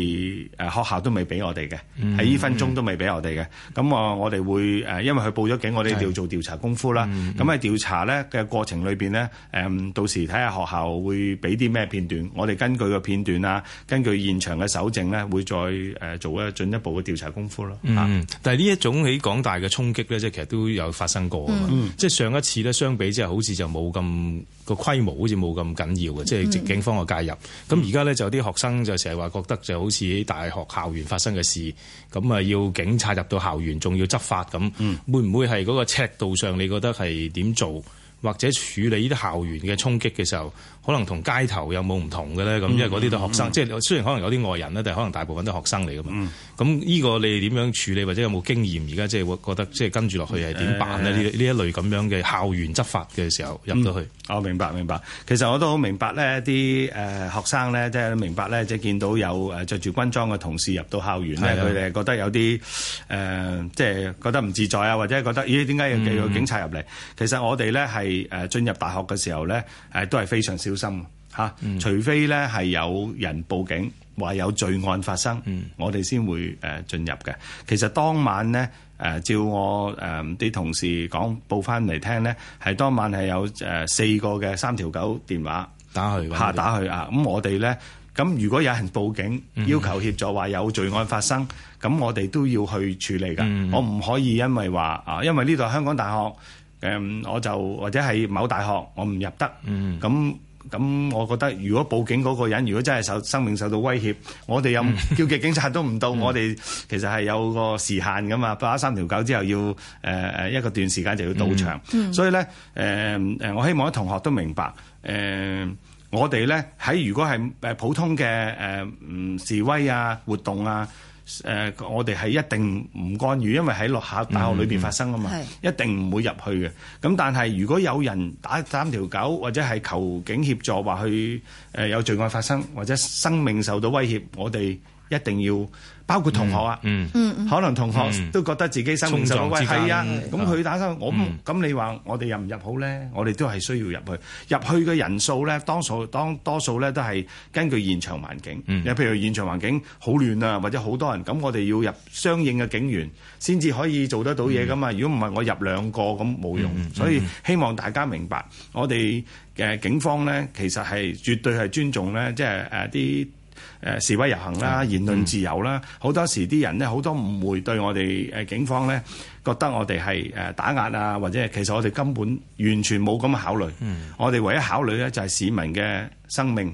誒學校都未俾我哋嘅，喺呢、mm hmm. 分鐘都未俾我哋嘅。咁啊，mm hmm. 嗯、我哋會誒因為佢報咗警，我哋要做調查功夫啦。咁喺調查咧嘅過程裏邊咧，誒到時睇下學校會俾啲咩片段，我哋根據個片段啊，根據現場嘅搜證咧，會再誒做一進一步部嘅調查功夫咯，
嚇、嗯！但係呢一種喺港大嘅衝擊咧，即係其實都有發生過啊嘛。即係、嗯、上一次咧，相比之後好似就冇咁個規模好，好似冇咁緊要嘅。即係直警方嘅介入，咁而家咧就有啲學生就成日話覺得就好似喺大學校園發生嘅事，咁啊要警察入到校園仲要執法咁，嗯、會唔會係嗰個尺度上，你覺得係點做？或者處理呢啲校園嘅衝擊嘅時候，可能同街頭有冇唔同嘅咧？咁、嗯、因為嗰啲都學生，嗯、即係雖然可能有啲外人咧，但係可能大部分都學生嚟㗎嘛。咁呢、嗯嗯、個你點樣處理，或者有冇經驗？而家即係會覺得即係、就是、跟住落去係點辦呢呢、嗯、一類咁
樣嘅校園執法嘅時候入到去。嗯、我明白明白，其實我都好明白咧，啲誒、呃、學生呢，即係明白呢，即係見到有誒著住軍裝嘅同事入到校園咧，佢哋係覺得有啲誒、呃，即係覺得唔自在啊，或者覺得咦點解要叫個警察入嚟？其實我哋咧係。誒，進入大學嘅時候呢，誒都係非常小心吓，嗯、除非呢係有人報警，話有罪案發生，嗯、我哋先會誒進入嘅。其實當晚呢，誒照我誒啲同事講，報翻嚟聽呢，係當晚係有誒四個嘅三條狗電話打去，吓打去啊。咁、嗯、我哋呢，咁如果有人報警要求協助，話有罪案發生，咁、嗯、我哋都要去處理噶。嗯、我唔可以因為話啊，因為呢度係香港大學。誒，um, 我就或者係某大學，我唔入得。咁咁、嗯，我覺得如果報警嗰個人，如果真係受生命受到威脅，我哋又、嗯、叫極警察都唔到，嗯、我哋其實係有個時限噶嘛，報咗三條九之後要誒誒、呃、一個段時間就要到場。嗯嗯、所以咧，誒、呃、誒，我希望啲同學都明白，誒、呃、我哋咧喺如果係誒普通嘅誒、呃嗯、示威啊活動啊。誒、呃，我哋係一定唔干預，因為喺落下大學裏邊發生啊嘛，嗯、一定唔會入去嘅。咁但係，如果有人打三條九，或者係求警協助話去誒有罪案發生，或者生命受到威脅，我哋一定要。包括同學啊，嗯、可能同學都覺得自己生命受到、嗯、啊，咁佢、啊嗯、打生，我咁你話我哋入唔入好咧？我哋都係需要入去，入去嘅人數咧，當數當多數咧都係根據現場環境，有、嗯、譬如現場環境好亂啊，或者好多人，咁我哋要入相應嘅警員先至可以做得到嘢噶嘛。如果唔係，我入兩個咁冇用，嗯嗯嗯、所以希望大家明白，我哋嘅警方咧，其實係絕對係尊重咧，即係誒啲。呃呃誒、呃、示威遊行啦，言論自由啦，好、嗯、多時啲人咧好多誤會對我哋誒警方咧，覺得我哋係誒打壓啊，或者係其實我哋根本完全冇咁考慮。嗯，我哋唯一考慮咧就係市民嘅生命。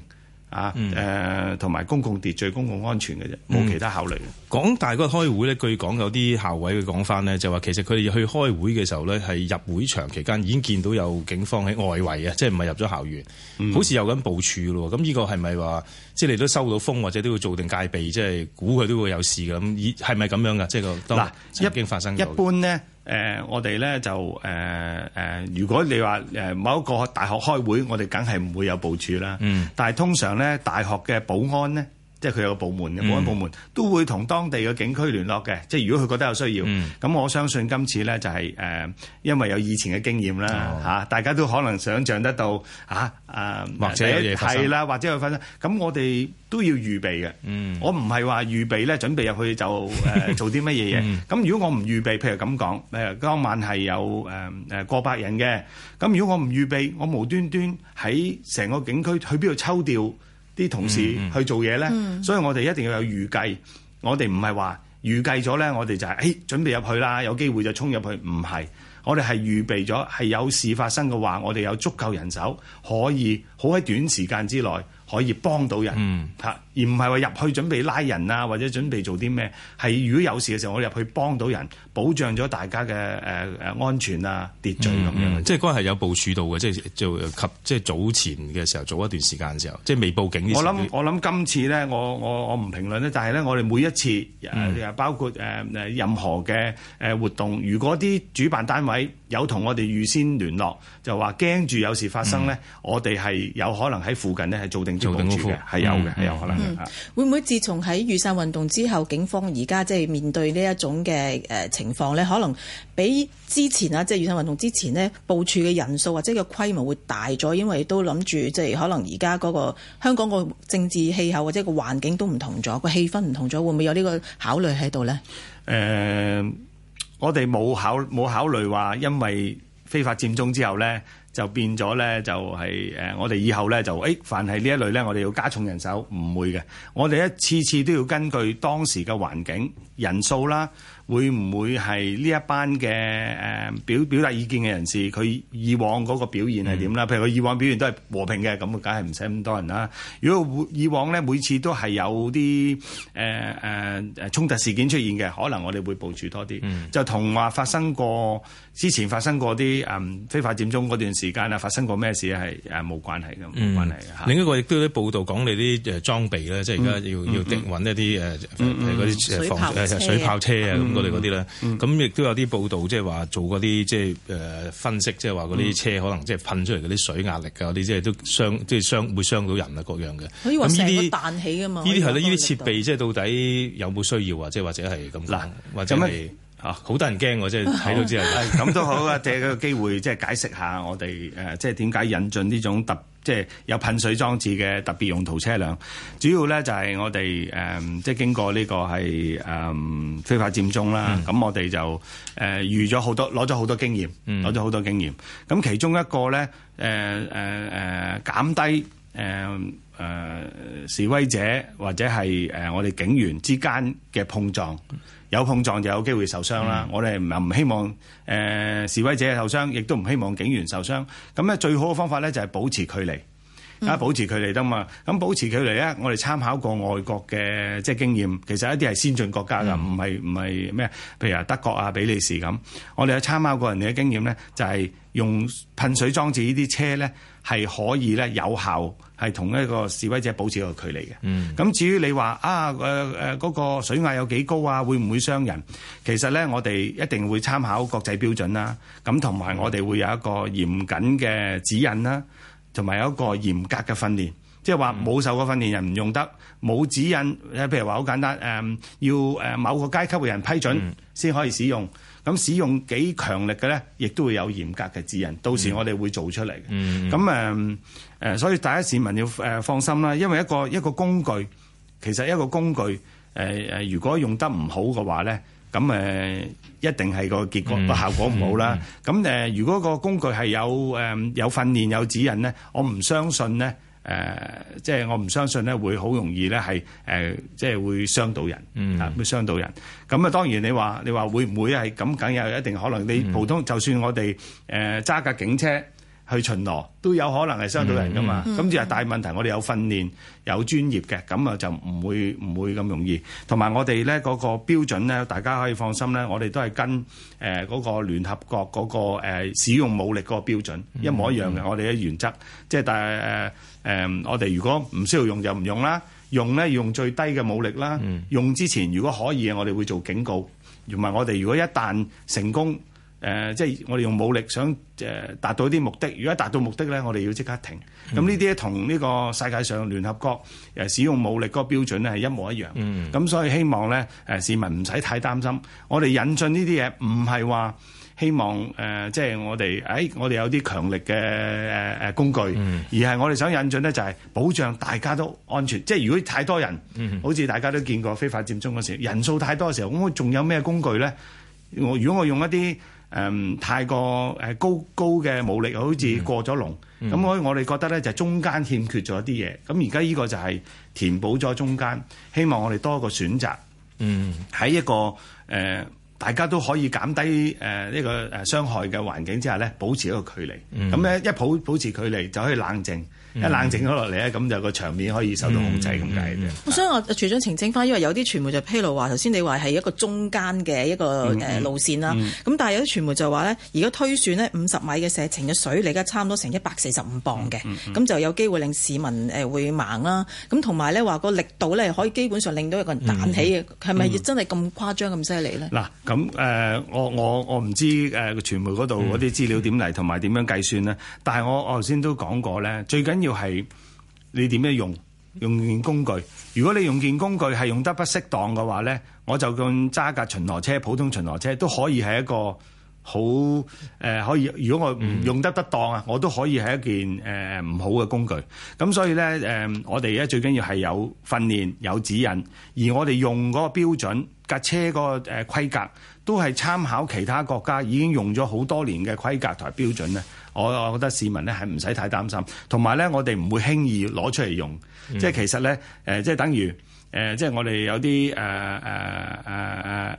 啊！誒、嗯，同埋公共秩序、公共安全嘅啫，冇其他考慮嘅。嗯、講大嗰個
開會咧，據講有啲校委嘅講翻呢，就話、是、其實佢哋去開會嘅時候咧，係入會場期間已經見到有警方喺外圍啊，即係唔係入咗校園，嗯、好似有緊部署咯。咁呢個係咪話，即、就、係、是、你都收到風或者都要做定戒備，即係估佢都會有事咁？以係
咪咁樣噶？即係個當，曾經發生一,一般咧。誒、呃，我哋咧就誒誒、呃呃，如果你話誒某一個大學開會，我哋梗係唔會有部署啦。嗯，但係通常咧，大學嘅保安咧，即係佢有個部門嘅保安部門，部門嗯、都會同當地嘅警區聯絡嘅。即係如果佢覺得有需要，咁、嗯、我相信今次呢就係、是、誒、呃，因為有以前嘅經驗啦嚇、哦啊，大家都可能想像得到嚇誒、啊啊，或者係啦，或者有發生。咁我哋都要預備嘅。嗯、我唔係話預備咧，準備入去就誒、呃、做啲乜嘢嘢。咁 <laughs> 如果我唔預備，譬如咁講誒，當、呃、晚係有誒誒過百人嘅。咁如果我唔預備，我無端端喺成個警區去邊度抽調？啲同事去做嘢呢，嗯、所以我哋一定要有預計。嗯、我哋唔係話預計咗呢、就係，我哋就係誒準備入去啦，有機會就衝入去。唔係，我哋係預備咗，係有事發生嘅話，我哋有足夠人手，可以好喺短時間之內可以幫到人嚇，嗯、而唔係話入去準備拉人啊，或者準備做啲咩。係如果有事嘅時候，我哋入去幫到人。保障咗大家嘅誒誒安全啊、秩序咁樣，
即係嗰係有部署到嘅，即係就及即係早前嘅時候，早一段時間嘅時候，即係未報警嘅時候。我諗
我諗今次咧，我我我唔評論咧，但係咧，我哋每一次誒包括誒誒任何嘅誒活動，如果啲主辦單位有同我哋預先聯絡，就話驚住有事發生咧，我哋係有可能喺附近咧係做定做定部署嘅，係有嘅，係有可能嘅。
會唔會自從喺雨傘運動之後，警方而家即係面對呢一種嘅誒情情況咧，可能比之前啊，即係雨傘運動之前呢，部署嘅人數或者個規模會大咗，因為都諗住即係可能而家嗰個香港個政治氣候或者個環境都唔同咗，個氣氛唔同咗，會唔會有呢個考慮喺度呢？誒、
呃，我哋冇考冇考慮話，因為非法佔中之後呢，就變咗呢、就是，就係誒，我哋以後呢，就、哎、誒，凡係呢一類呢，我哋要加重人手，唔會嘅。我哋一次次都要根據當時嘅環境人數啦。會唔會係呢一班嘅誒表表達意見嘅人士，佢以往嗰個表現係點啦？嗯、譬如佢以往表現都係和平嘅，咁咪梗係唔使咁多人啦。如果以往咧每次都係有啲誒誒誒衝突事件出現嘅，可能我哋會部署多啲。嗯、就同話發生過。之前發生過啲誒非法佔中嗰段時間啊，發生過咩事係誒冇關係嘅，
冇關係嘅。另一個亦都有啲報道講你啲誒裝備咧，即係而家要要揾一啲誒啲防誒水炮車啊咁，我哋嗰啲咧。咁亦都有啲報道即係話做嗰啲即係誒分析，即係話嗰啲車可能即係噴出嚟嗰啲水壓力㗎，嗰啲即係都傷即係傷會傷到人啊各樣嘅。
咁呢啲彈起㗎嘛？呢啲係呢啲設備
即係到底有冇需要啊？即係或者係咁嗱，或者係。吓，好多人驚我、呃，即係睇到之後，咁
都好啊！借個機會，即係解釋下我哋誒，即係點解引進呢種特，即係有噴水裝置嘅特別用途車輛。主要咧就係、是、我哋誒、嗯，即係經過呢個係誒、嗯、非法佔中啦。咁我哋就誒預咗好多，攞咗好多經驗，攞咗好多經驗。咁其中一個咧，誒誒誒、減、呃、低誒誒、呃呃、示威者或者係誒我哋警員之間嘅碰撞。有碰撞就有機會受傷啦，嗯、我哋唔係唔希望誒、呃、示威者受傷，亦都唔希望警員受傷。咁咧最好嘅方法咧就係保持距離，啊保持距離得嘛。咁保持距離咧，我哋參考過外國嘅即係經驗，其實一啲係先進國家㗎，唔係唔係咩？譬如話德國啊、比利時咁，我哋有參考過人哋嘅經驗咧，就係用噴水裝置呢啲車咧係可以咧有效。係同一個示威者保持一個距離嘅。咁至於你話啊誒誒嗰個水壓有幾高啊？會唔會傷人？其實咧，我哋一定會參考國際標準啦。咁同埋我哋會有一個嚴謹嘅指引啦，同埋有一個嚴格嘅訓練。即係話冇受過訓練人唔用得，冇指引。誒譬如話好簡單誒，要誒某個階級嘅人批准先可以使用。咁使用幾強力嘅咧，亦都會有嚴格嘅指引。到時我哋會做出嚟嘅。咁誒誒，所以大家市民要誒放心啦。因為一個一個工具，其實一個工具誒誒，如果用得唔好嘅話咧，咁誒一定係個結果個效果唔好啦。咁誒，如果個工具係有誒有訓練有指引咧，我唔相信咧。誒、呃，即係我唔相信咧，會好容易咧係誒，即係會傷到人嗯，啊！會傷到人，咁啊當然你話，你話會唔會係咁？梗有一定可能。你普通、嗯、就算我哋誒揸架警車。去巡邏都有可能係傷到人噶嘛，咁、mm hmm. 就係大問題。我哋有訓練有專業嘅，咁啊就唔會唔會咁容易。同埋我哋咧嗰個標準咧，大家可以放心咧，我哋都係跟誒嗰、呃嗰個聯合國嗰、嗰個、呃、使用武力嗰個標準，mm hmm. 一模一樣嘅。我哋嘅原則即係但係誒誒，我哋如果唔需要用就唔用啦，用咧用最低嘅武力啦。Mm hmm. 用之前如果可以，我哋會做警告。同埋我哋如果一旦成功。誒、呃，即係我哋用武力想誒、呃、達到一啲目的。如果達到目的咧，我哋要即刻停。咁呢啲同呢個世界上聯合國誒、呃、使用武力嗰個標準咧係一模一樣。咁、mm hmm. 所以希望咧誒、呃、市民唔使太擔心。我哋引進呢啲嘢唔係話希望誒，即係我哋誒我哋有啲強力嘅誒誒工具，而係我哋想引進咧就係、是、保障大家都安全。即係如果太多人，mm hmm. 好似大家都見過非法佔中嘅時候，人數太多嘅時候，咁我仲有咩工具咧？我如果我用一啲誒、um, 太過誒、呃、高高嘅武力，好似過咗龍，咁所以我哋覺得咧就係、中間欠缺咗啲嘢，咁而家呢個就係填補咗中間，希望我哋多一個選擇，喺、嗯、一個誒、呃、大家都可以減低誒呢、呃、個誒傷害嘅環境之下咧，保持一個距離，咁咧、嗯、一保保持距離就可以冷靜。一冷靜咗落嚟咧，咁就個場面可以受到控制咁解
嘅。所以、嗯就是、我，除咗澄清翻，因為有啲傳媒就披露話，頭先你話係一個中間嘅一個誒路線啦。咁、嗯嗯、但係有啲傳媒就話咧，而家推算呢，五十米嘅射程嘅水，你而家差唔多成一百四十五磅嘅，咁、嗯嗯、就有機會令市民誒會盲啦。咁同埋咧話個力度咧，可以基本上令到一個人彈起嘅，係咪、嗯嗯、真係咁誇張咁犀利咧？
嗱、嗯，咁誒、嗯呃，我我我唔知誒傳媒嗰度嗰啲資料點嚟，同埋點樣計算呢？但係我我頭先都講過咧，最緊要。要係你點樣用用件工具？如果你用件工具係用得不適當嘅話咧，我就用揸架巡邏車，普通巡邏車都可以係一個好誒、呃，可以。如果我唔用得得當啊，我都可以係一件誒、呃、唔好嘅工具。咁所以咧，誒、呃，我哋咧最緊要係有訓練、有指引，而我哋用嗰個標準。架車個誒規格都係參考其他國家已經用咗好多年嘅規格同埋標準咧，我我覺得市民咧係唔使太擔心，同埋咧我哋唔會輕易攞出嚟用，即係其實咧誒、呃、即係等於。誒、呃，即係我哋有啲誒誒誒誒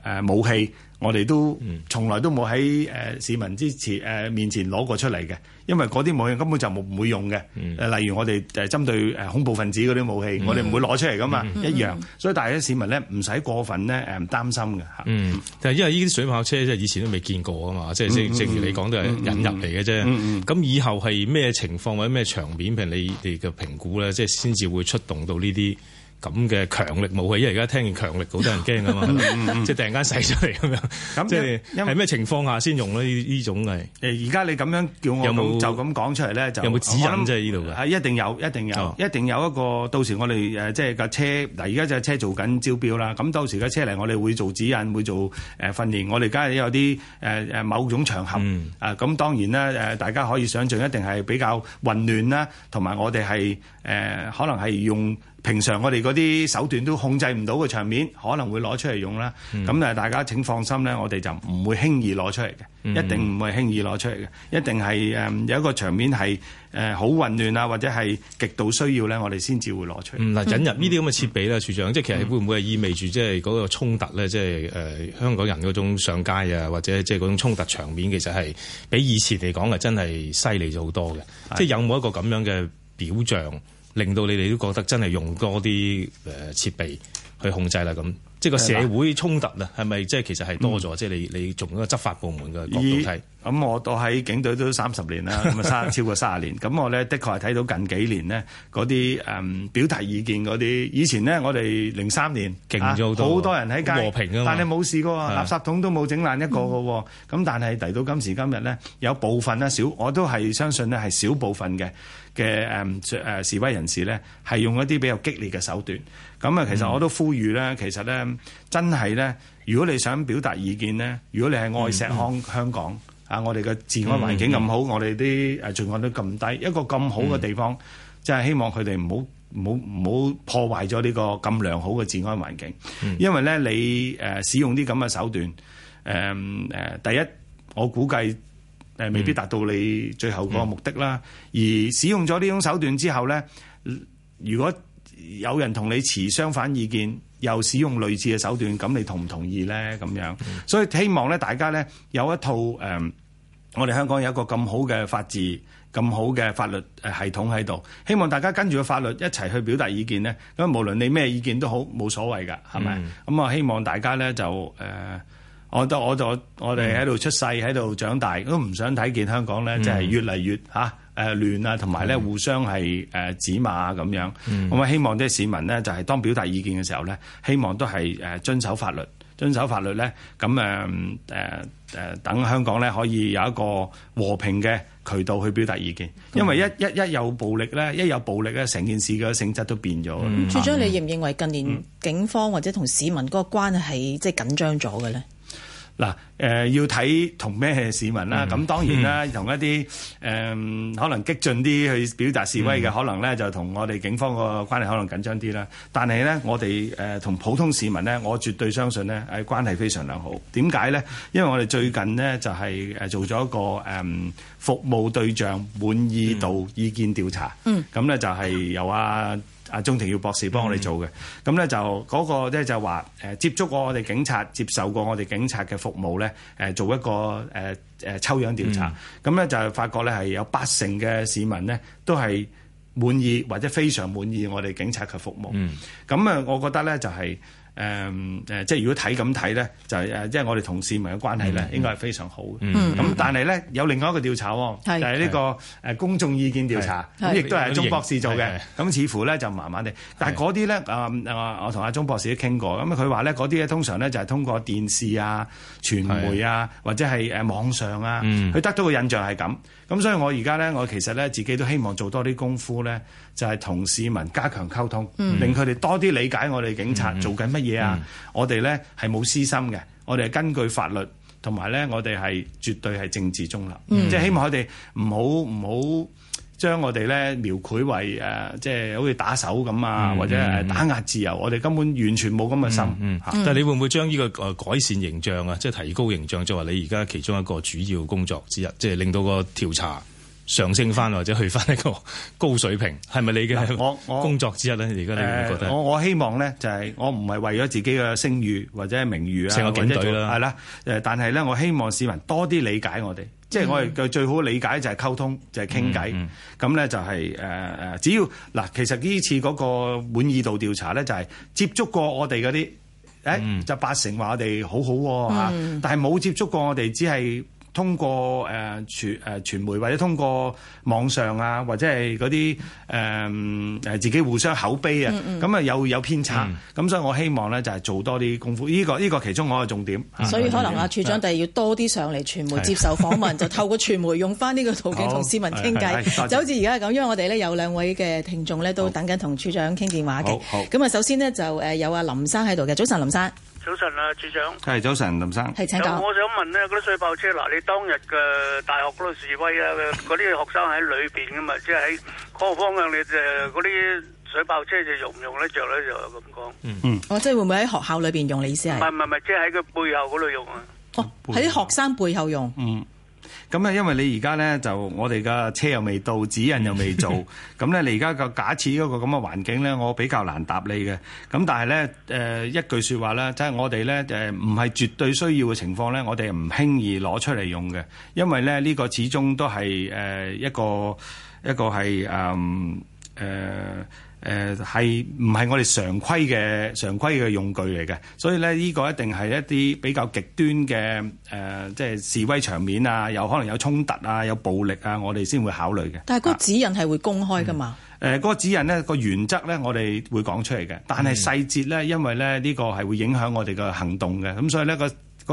誒武器，我哋都從來都冇喺誒市民之前誒、呃、面前攞過出嚟嘅，因為嗰啲武器根本就冇唔會用嘅。誒，characterized 例如我哋誒針對誒恐怖分子嗰啲武器， <laughs> 我哋唔會攞出嚟㗎嘛，一樣。所以，大家市民咧唔使過分咧誒擔心嘅吓。嗯，
但係因為呢啲水炮車即係以前都未見過啊嘛，即係即正如你講都係引入嚟嘅啫。咁以後係咩情況或者咩場面，譬如你哋嘅評估咧，即係先至會出動到呢啲。咁嘅強力武器，因為而家聽完強力好多人驚㗎嘛，即係突然間使出
嚟咁樣，即係係咩情況下先用咧？呢呢種係誒，而家你咁樣叫我有冇就咁講出嚟咧，就有冇指引即係呢度嘅啊？一定有，一定有，一定有一個到時我哋誒，即係架車嗱，而家就係車做緊招標啦。咁到時架車嚟，我哋會做指引，會做誒訓練。我哋而家有啲誒誒某種場合啊，咁當然啦誒，大家可以想象一定係比較混亂啦，同埋我哋係誒可能係用，平常我哋嗰啲手段都控制唔到嘅場面，可能會攞出嚟用啦。咁但係大家請放心咧，我哋就唔會輕易攞出嚟嘅。嗯，一定唔會輕易攞出嚟嘅，一定係誒有一個場面係誒好混亂啊，或者係極度需要咧，我哋先至會攞
出嚟。嗱，引入呢啲咁嘅設備啦，嗯、處長即係其實會唔會係意味住即係嗰個衝突咧，即係誒、呃、香港人嗰種上街啊，或者即係嗰種衝突場面，其實係比以前嚟講係真係犀利咗好多嘅。的即係有冇一個咁樣嘅表象？令到你哋都覺得真係用多啲誒設備去控制啦，咁即係個社會衝突啊，係咪
即係其實係多咗？嗯、即係你你從一個執法部門嘅角度睇，咁、嗯、我我喺警隊都三十年啦，咁啊三超過三十年，咁、嗯、我咧的確係睇到近幾年呢嗰啲誒表提意見嗰啲，以前呢，我哋零三年勁咗好多，好、啊、多人喺街，和平但係冇事嘅喎，嗯、垃圾桶都冇整爛一個嘅喎，咁、嗯嗯、但係嚟到今時今日呢，有部分咧少，我都係相信咧係少部分嘅。嘅誒誒示威人士咧，係用一啲比較激烈嘅手段。咁啊，其實我都呼籲咧，其實咧真係咧，如果你想表達意見咧，如果你係愛惜香港啊，我哋嘅治安環境咁好，我哋啲誒罪案都咁低，一個咁好嘅地方，真係希望佢哋唔好唔好唔好破壞咗呢個咁良好嘅治安環境。因為咧，你誒使用啲咁嘅手段，誒誒，第一我估計。誒未必達到你最後嗰個目的啦。嗯嗯、而使用咗呢種手段之後呢，如果有人同你持相反意見，又使用類似嘅手段，咁你同唔同意呢？咁樣，嗯、所以希望咧，大家呢，有一套誒、呃，我哋香港有一個咁好嘅法治，咁好嘅法律系統喺度，希望大家跟住個法律一齊去表達意見呢，咁無論你咩意見都好，冇所謂㗎，係咪？咁啊、嗯嗯嗯嗯，希望大家呢，就、呃、誒。我都我都我我哋喺度出世喺度長大，都唔想睇見香港咧，即係越嚟越嚇誒亂啊，同埋咧互相係誒指罵咁樣。咁啊、嗯，希望啲市民呢，就係、是、當表達意見嘅時候咧，希望都係誒遵守法律，遵守法律咧，咁誒誒誒等香港咧可以有一個和平嘅渠道去表達意見。嗯嗯嗯嗯嗯、因為一一一有暴力咧，一有暴力咧，成件事嘅性質都變咗。處長、嗯，嗯、
你認唔認為近年警方或者同市民嗰個關係即係緊張咗嘅咧？
嗱，誒要睇同咩市民啦，咁當然啦，同一啲誒可能激進啲去表達示威嘅，可能咧就同我哋警方個關係可能緊張啲啦。但係咧，我哋誒同普通市民咧，我絕對相信咧，誒關係非常良好。點解咧？因為我哋最近咧就係誒做咗一個誒服務對象滿意度意見調查，嗯，咁咧就係由啊。阿鍾庭耀博士幫我哋做嘅，咁咧、嗯、就嗰個咧就話，誒接觸過我哋警察，接受過我哋警察嘅服務咧，誒做一個誒誒、呃、抽樣調查，咁咧、嗯、就發覺咧係有八成嘅市民咧都係滿意或者非常滿意我哋警察嘅服務，咁啊、嗯，我覺得咧就係、是。誒誒、嗯、即係如果睇咁睇咧，就係、是、誒即係我哋同市民嘅關係咧，應該係非常好嘅。咁但係咧，有另外一個調查喎、哦，是就係呢個誒公眾意見調查，咁亦都係鍾博士做嘅。咁似乎咧就麻麻哋，但係啲咧啊啊，我同阿鍾博士都傾過，咁佢話咧啲咧通常咧就係通過電視啊、傳媒啊，或者係誒網上啊，佢得到嘅印象係咁。咁、嗯、所以我而家咧，我其實咧自己都希望做多啲功夫咧，就係、是、同市民加強溝通，令佢哋多啲理解我哋警察做緊乜嘢。嗯啊、嗯！我哋咧係冇私心嘅，我哋係根據法律，同埋咧我哋係絕對係政治中立，即係、嗯、希望佢哋唔好唔好將我哋咧描繪為誒，即係好似打手咁啊，嗯、或者係打壓自由，我哋根本完全冇咁嘅心。但係你會唔會將呢個誒改善
形象啊，即係提高形象，作為你而家其中一個主要工作之一，即係令到個調查？上升翻或者去翻一個高水平，係咪你嘅工作之一咧？而家你覺得、呃？我我
希望咧就係、是、我唔係為咗自己嘅聲譽或者係名譽，啊，成個警隊啦，係啦。誒，但係咧，我希望市民多啲理解我哋，嗯、即係我哋嘅最好理解就係溝通，就係傾偈。咁咧、嗯嗯、就係誒誒，只要嗱，其實呢次嗰個滿意度調查咧，就係接觸過我哋嗰啲，誒、欸、就是、八成話我哋好好嚇、啊，嗯、但係冇接觸過我哋，只係。通過誒傳誒傳媒或者通過網上啊，或者係嗰啲誒誒自己互相口碑啊，咁啊、嗯嗯、有有偏差，咁、嗯、所以我希望呢，就係做多啲功夫，呢、呢個依、呢個其中我嘅重點。
所以可能阿、啊、對處長，第要多啲上嚟傳媒接受訪問，對就透過傳媒用翻呢個途徑同市民傾偈，就好似而家咁，因為我哋呢有兩位嘅聽眾呢，都等緊同處長傾電話嘅。咁啊，首先呢，就誒有阿林生喺度嘅，早晨，早晨，早晨，林生。
早
晨啊，處長係。早晨，
林生請、呃。我想問咧，嗰啲水爆車嗱，你當日嘅大學嗰度示威啊，嗰啲學生喺裏邊㗎嘛，即係喺個方向你誒，嗰啲水爆車就用唔用得着咧？就
咁講。嗯嗯，哦，即係會唔會喺學校裏邊用？你意思係？唔係
唔係，即係喺佢背後嗰度用
啊。哦，喺學生背後用。嗯。咁啊，因為你而家呢，就
我哋嘅車又未到，指引又未做，咁咧 <laughs> 你而家個假設嗰個咁嘅環境呢，我比較難答你嘅。咁但係呢，誒一句説話、就係、呢，即係我哋呢，誒唔係絕對需要嘅情況呢，我哋唔輕易攞出嚟用嘅，因為咧呢、呢個始終都係誒一個一個係誒。嗯呃誒係唔係我哋常規嘅常規嘅用具嚟嘅？所以咧，呢個一定係一啲比較極端嘅誒、呃，即係示威場面啊，有可能有衝突啊，有暴力啊，我哋先會考慮嘅。
但係嗰指引係會公開㗎嘛？誒、嗯，嗰、呃
嗰個指引呢個原則呢，我哋會講出嚟嘅。但係細節呢，因為咧呢個係會影響我哋嘅行動嘅，咁所以呢個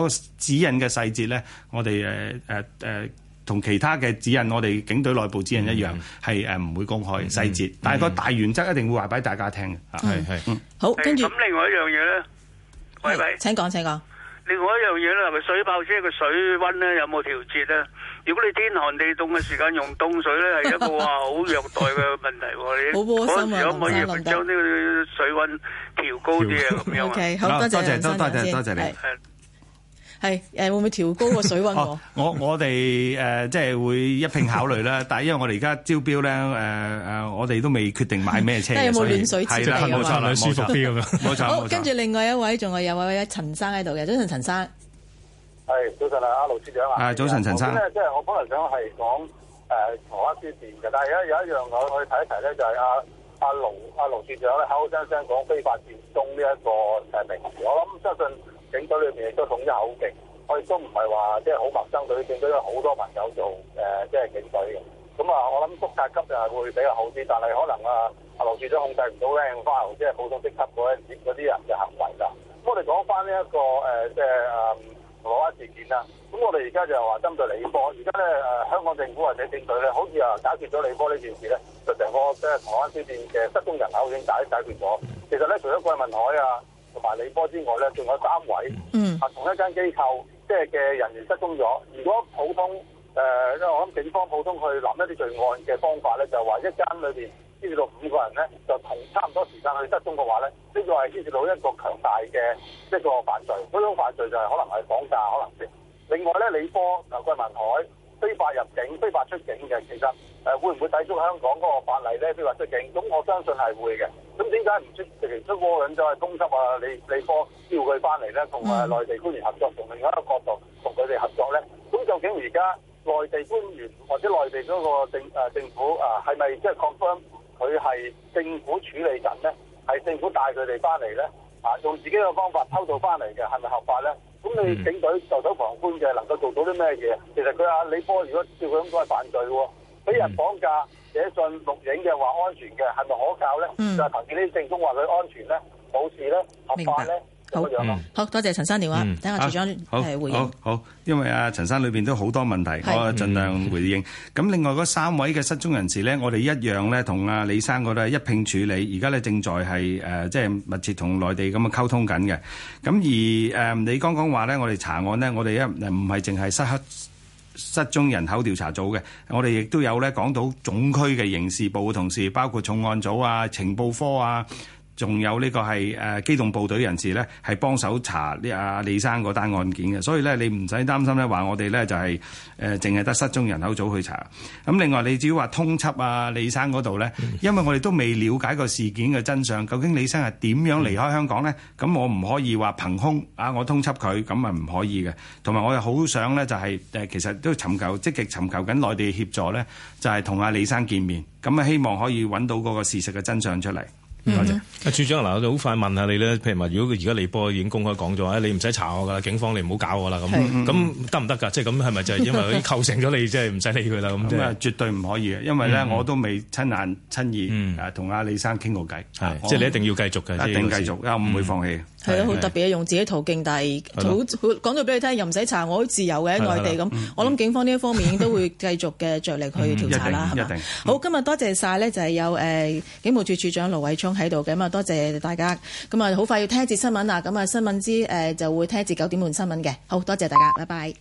嗰指引嘅細節呢，我哋誒誒誒。呃呃同其他嘅指引，我哋警隊內部指引一樣，係誒唔會公開細節，但係個大原則一定會話俾大家聽。
係係，嗯好，跟住咁另外一
樣嘢咧，喂喂，
請講請講。
另外一樣嘢咧，係咪水炮車嘅水溫咧有冇調節咧？如果你天寒地凍嘅時間用凍水咧，係一個話好虐待嘅問題喎。好窩心啊，唔該林德。你可唔可以將呢個水溫調高啲啊？咁樣好多謝多謝多謝多謝你。
係誒，會唔會調高個水溫？我
我我哋誒，即係會一併考慮啦。但係因為我哋而家招標咧，誒誒，我哋都未決定買咩車，有冇暖水池嘅嘛？係啦，冇錯啦，冇錯。好，跟
住另外一位仲係有位陳生喺度嘅，早晨陳生。
係早晨啊，阿盧處長啊。係早晨，陳生。咁咧，即係我本來想係講誒同屋之辯嘅，但係而家有一樣我去睇一齊咧，就係阿阿盧阿盧處長咧，口口聲聲講非法佔中呢一個誒名詞，我諗相信。警隊裏面亦都統一口徑，我亦都唔係話即係好陌生對面，都有好多朋友做誒，即係警隊嘅。咁、就是、啊，我諗督察級就係會比較好啲，但係可能啊啊盧 Sir 都控制唔到咧，花即係普通職級嗰啲啲人嘅行為啦。咁我哋講翻呢一個誒，即係銅鑼灣事件啦。咁我哋而家就話針對李波，而家咧誒香港政府或者警隊咧，好似啊解決咗李波呢件事咧，就成個即係銅鑼灣事件嘅失蹤人口已經解解決咗。其實咧，除咗桂民海啊。同埋李波之外咧，仲有三位，啊同一間機構即係嘅人員失蹤咗。如果普通誒，因、呃、為我諗警方普通去諗一啲罪案嘅方法咧，就係、是、話一間裏邊牽涉到五個人咧，就同差唔多時間去失蹤嘅話咧，呢個係牽涉到一個強大嘅一個犯罪。嗰種犯罪就係可能係綁架，可能性。另外咧，李波同桂民海，非法入境、非法出境嘅，其實誒會唔會抵觸香港嗰個法例咧？非法出境，咁我相信係會嘅。咁點解唔出佢哋出窩亂，再通緝啊？你你科叫佢翻嚟咧，同啊內地官員合作，從另外一個角度同佢哋合作咧。咁究竟而家內地官員或者內地嗰個政誒政府啊，係咪即係確信佢係政府處理緊咧？係政府帶佢哋翻嚟咧？啊，用自己嘅方法偷渡翻嚟嘅，係咪合法咧？咁你、嗯、警隊袖手旁觀嘅，能夠做到啲咩嘢？其實佢阿李波如果照佢咁都係犯罪喎，俾人綁架寫信錄影嘅話，安全嘅係咪可靠咧？嗯、就係憑住啲證供話佢安全咧，冇事咧，合法咧。
好，好多謝陳生電話，等
我隊長係回應。好，好，因為阿陳生裏邊都好多問題，我盡量回應。咁另外嗰三位嘅失蹤人士咧，我哋一樣咧同阿李生嗰度一併處理，而家咧正在係誒，即係密切同內地咁樣溝通緊嘅。咁而誒，你剛剛話咧，我哋查案咧，我哋一唔係淨係失失失蹤人口調查組嘅，我哋亦都有咧講到總區嘅刑事部嘅同事，包括重案組啊、情報科啊。仲有呢個係誒機動部隊人士咧，係幫手查呢阿李生嗰單案件嘅，所以咧你唔使擔心咧，話我哋咧就係誒淨係得失蹤人口組去查。咁另外你至於話通緝啊李生嗰度咧，因為我哋都未了解過事件嘅真相，究竟李生係點樣離開香港咧？咁我唔可以話憑空啊，我通緝佢咁啊唔可以嘅。同埋我又好想咧就係誒，其實都尋求積極尋求緊內地協助咧，就係同阿李生見面咁啊，希望可以揾到嗰個事實嘅真相出嚟。
好啊！啊，處長，嗱，我就好快問下你咧。譬如話，如果佢而家李波已經公開講咗，誒，你唔使查我噶啦，警方你唔好搞我啦。咁咁得唔得㗎？即係咁係咪就係因為佢已經構成咗你，即係唔使理佢啦？咁啊，絕
對唔可以嘅，因為咧我都未親眼親耳誒同阿李生傾過偈，即係你一定
要繼續嘅，一定繼續，我
唔會放棄。
係咯，好特別用自己途徑，但係好的講到俾你聽，又唔使查，我好自由嘅喺內地咁。我諗警方呢一方面、嗯、都會繼續嘅着力去調查啦，係嘛、 <laughs> 嗯？吧定好，嗯、今日多謝晒呢就係、是、有誒、呃、警務處處長盧偉聰喺度嘅嘛，多謝大家。咁啊，好快要聽一節新聞啦，咁啊新聞之誒就會聽一節九點半新聞嘅。好多謝大家，拜拜。